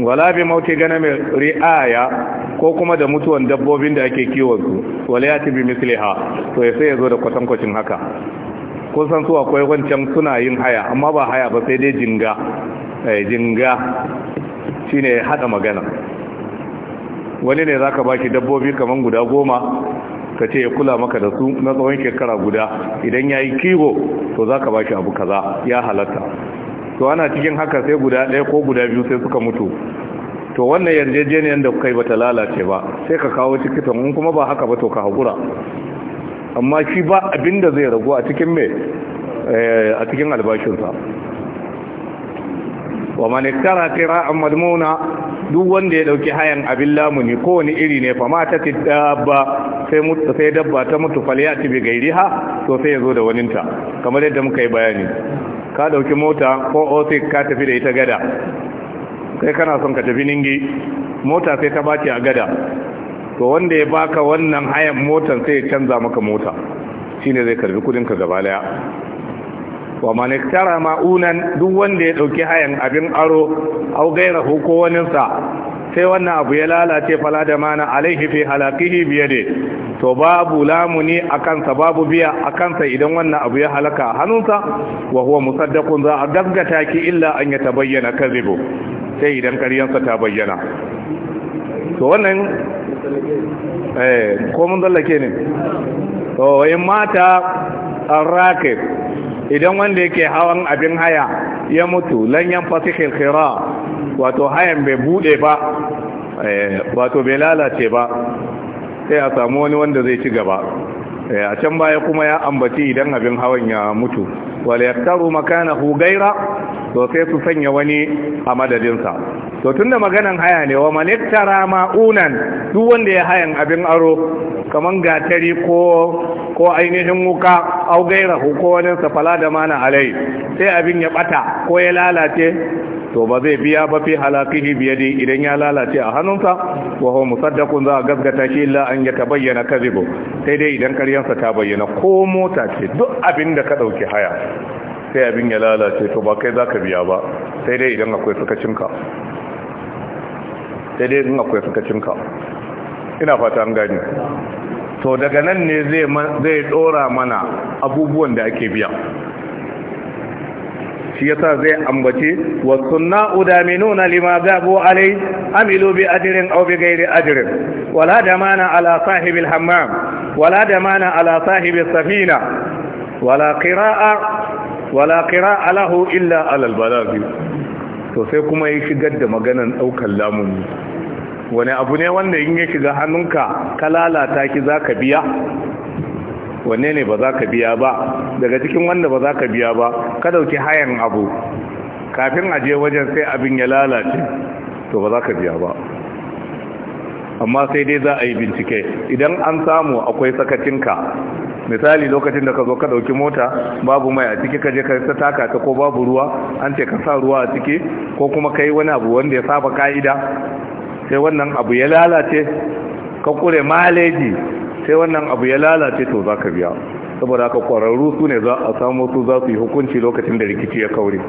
wala bi mauti gana mai ri'aya ko kuma da mutuwan dabbobin da ake kiwon su wala ya tibi misliha to ya sai ya zo da kwatankwacin haka kun san su akwai wancan suna yin haya amma ba haya ba sai dai jinga eh, jinga shine ya hada magana wani ne zaka baki dabbobi kaman guda goma ka ce ya kula maka da su na tsawon shekara guda idan ya yi kiwo to za ka ba shi abu kaza ya halatta to ana cikin haka sai guda ɗaya ko guda biyu sai suka mutu to wannan yarjejeniyar da kai bata lalace ba sai ka kawo tikitin in kuma ba haka ba to ka haƙura amma shi ba abin da zai ragu a cikin mai eh, a cikin albashinsa wa man tira tira'an madmuna duk wanda ya dauki hayan abin lamuni ko wani iri ne fa mata dabba sai mutu sai dabba ta mutu falya ta bi gairiha to sai yazo da waninta kamar yadda muka yi bayani ka dauki mota ko ofi ka tafi da ita gada sai kana son ka tafi ningi mota sai ta baki a gada to wanda ya baka wannan hayan motar sai ya canza maka mota shine zai karbi kudin ka gaba daya wa man ma'unan duk wanda ya dauki hayan abin aro au gaira ko waninsa sai wannan abu ya lalace fala da mana alaihi fi halakihi biyade to babu lamuni a kansa babu biya a kansa idan wannan abu ya halaka a hannunsa wa huwa musaddaqun za a gaggata ki illa an ya tabayyana kadhibu sai idan karyansa ta bayyana to wannan eh ko mun dallake ne to in mata arraqib idan wanda yake hawan abin haya ya mutu lanyan fasikil khira wato hayan bai bude ba eh, wato bai lalace ba sai a samu wani wanda zai ci gaba eh, a can baya kuma ya ambaci idan abin hawan ya mutu wale ya taru makanahu gaira to sai su sanya wani a madadinsa to tunda maganan haya ne wa maliktara ma'unan duk wanda ya hayan abin aro kamar gatari ko ko ainihin wuka au gaira ko wani safala da mana alai sai abin ya bata ko ya lalace to ba zai biya ba fi halakihi biyadi idan ya lalace a hannunsa wa huwa musaddaqun za a gaskata shi illa an yatabayyana kadhibu sai dai idan karyansa ta bayyana ko mota ce duk abin da ka dauki haya sai abin ya lalace to ba kai zaka biya ba sai dai idan akwai sukacinka Daidai dai akwai sukacinka ina fata an gani to daga nan ne zai dora mana abubuwan da ake biya shi yasa zai ambace Wasu sunna udaminuna lima gabu alai amilu bi ajrin au bi ghairi ajrin wala damana ala sahibin alhammam wala damana ala sahibin safina wala qira'a wala qira'a lahu illa ala albalaghi Sosai kuma ya shigar da maganan daukar lamuni wani abu ne wanda in ya shiga hannunka ka lalata ki za ka biya wanne ne ba za ka biya ba daga cikin wanda ba za ka biya ba ka dauki hayan abu kafin a je wajen sai abin ya lalace to ba za ka biya ba amma sai dai za a yi bincike idan an samu akwai sakacinka misali lokacin da ka zo ka dauki mota babu mai a ciki ka je ka ta taka ta ko babu ruwa an ce ka sa ruwa a ciki ko kuma kai wani abu wanda ya saba ka'ida sai wannan abu ya lalace ka kure maleji sai wannan abu ya lalace to za ka biya saboda haka kwararru su ne za a samu su za su yi hukunci lokacin da rikici ya kaure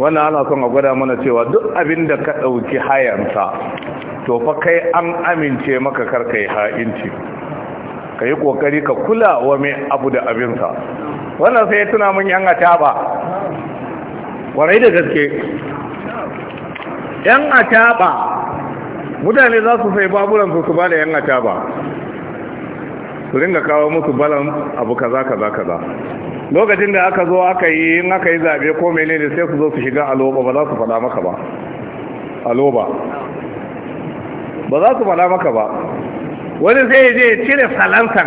wannan ana son a gwada mana cewa duk abin da ka ɗauki hayansa to fa kai an amince maka karkai ha'inci ka yi kokari ka kula wa mai abu da abinsa wannan sai tuna mun yan ataba warai da gaske yan ataba mutane za su sai baburan su su ba da yan ataba su ringa kawo musu balan abu kaza kaza kaza lokacin da aka zo aka yi in aka yi zaɓe ko menene sai su zo su shiga aloba ba za su faɗa maka ba aloba ba za su faɗa maka ba wani zai je cire falantan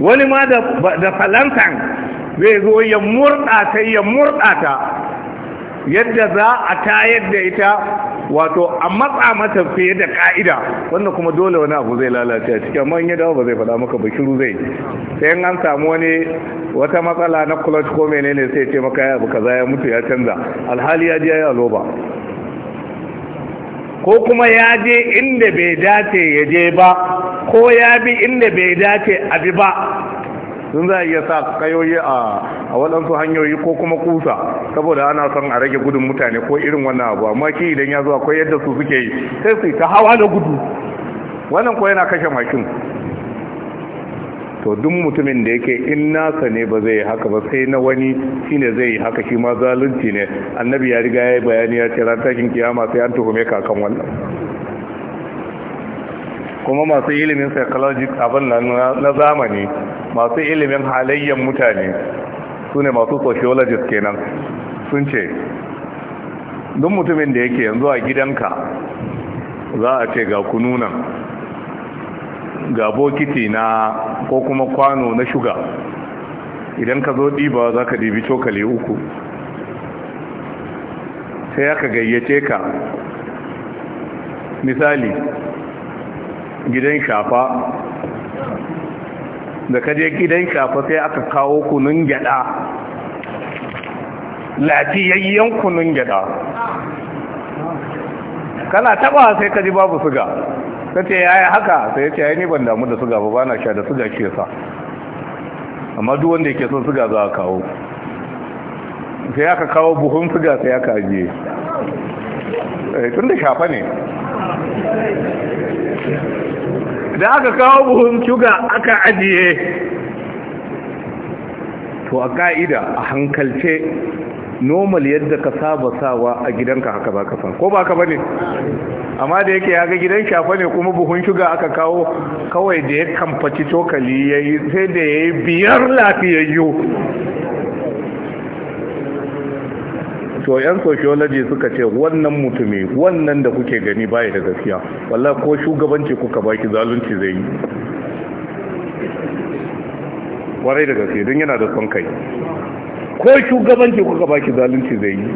wani ma da falantan zai zo ya murɗa ta ya murɗa yadda za a ta yadda ita wato a matsa mata fiye da ka'ida wanda kuma dole wani abu zai lalace cikin amma in ba zai faɗa maka ba shiru zai sai in an samu wani wata matsala na clutch ko menene sai ce maka ya abu kaza ya mutu ya canza alhali ya je ya aloba ko kuma ya je inda bai dace ya je ba ko ya bi inda bai dace a bi ba sun za a iya sa kayoyi a waɗansu hanyoyi ko kuma kusa saboda ana son a rage gudun mutane ko irin wannan abu amma ki idan ya zuwa akwai yadda su suke yi sai su ta hawa da gudu wannan ko yana kashe mashin. to duk mutumin da yake in nasa ne ba zai haka ba sai na wani shine zai yi haka shi ma zalunci ne annabi ya riga ya yi bayani ya ce ran tashin kiyama sai an tuhume ka kan wannan kuma masu ilimin psychologic abin nan na zamani masu ilimin halayyar mutane su ne masu sociologist kenan sun ce duk mutumin da yake yanzu a gidanka za a ce ga kununan ga bokiti na ko kuma kwano na shuga idan ka zo ɗiba za ka ɗibi cokali uku sai aka gayyace ka misali gidan shafa da kaje gidan shafa sai aka kawo kunun gyada lafiyayyen kunun gyada kana taba sai ka ji babu suga sai ce ya yi haka sai ya ce ya ni ban damu da suga ba ba na sha da suga ke sa amma duk wanda yake son suga za a kawo sai aka kawo buhun suga sai aka ajiye eh, tun da shafa ne da aka kawo buhun suga aka ajiye to a ka'ida a hankalce normal yadda ka saba sawa a gidanka haka ba ka san ko ba ka bane amma da yake ya ga gidan shafa ne kuma buhun shuga aka kawo kawai da ya kamfaci cokali ya yi sai da ya yi biyar lafiyayyu to yan sociology suka ce wannan mutumi wannan da kuke gani baya da gaskiya wallahi ko shugabanci kuka baki zalunci zai yi warai da gaske don yana da son kai ko shugabanci kuka ba ki zalunci zai yi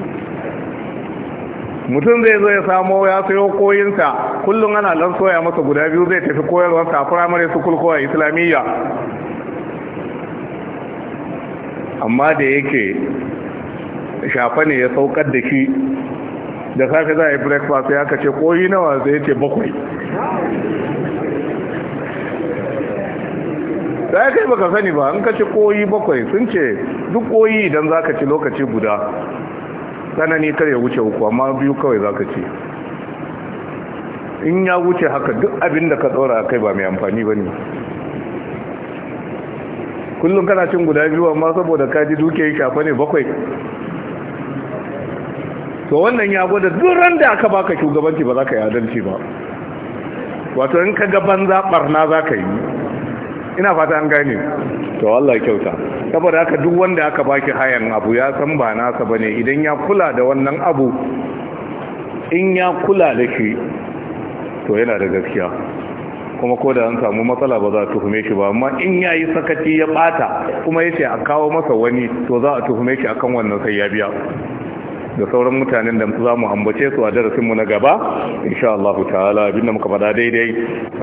mutum zai zo ya samo ya sayo koyinsa kullum ana dan soya masa guda biyu zai tafi koyarwarsa a firamare su kulkowa islamiyya amma da yake shafa ne ya saukar da shi da safe za a yi breakfast ya kace koyi nawa zai ce bakwai da ya kai baka sani ba in ka ci koyi bakwai sun ce duk koyi idan za ka ci lokaci guda tsanani kar ya wuce uku amma biyu kawai za ka ci in ya wuce haka duk abin da ka tsora kai ba mai amfani ba ne kullum kana cin guda biyu amma saboda ka ji duke yi shafa ne bakwai to wannan ya gwada duran da aka baka shugabanci ba za ka yi adalci ba wato in ka gaban zaɓar na za ka yi ina fata an gane to Allah kyauta saboda haka duk wanda aka baki hayan abu ya san ba nasa bane idan ya kula da wannan abu in ya kula da shi to yana da gaskiya kuma ko da an samu matsala ba za a tuhume shi ba amma in yayi yi sakaci ya bata kuma ya ce a kawo masa wani to za a tuhume shi akan wannan sai ya biya da sauran mutanen da za mu ambace su a darasinmu na gaba insha Allah ta'ala abinda muka faɗa daidai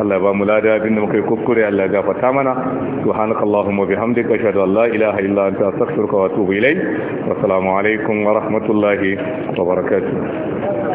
Allah ba mu lada abinda muka yi kuskure Allah gafarta mana subhanakallahumma bihamdika ashhadu an la ilaha illa anta astaghfiruka wa atubu ilayk wa assalamu alaikum wa rahmatullahi wa barakatuh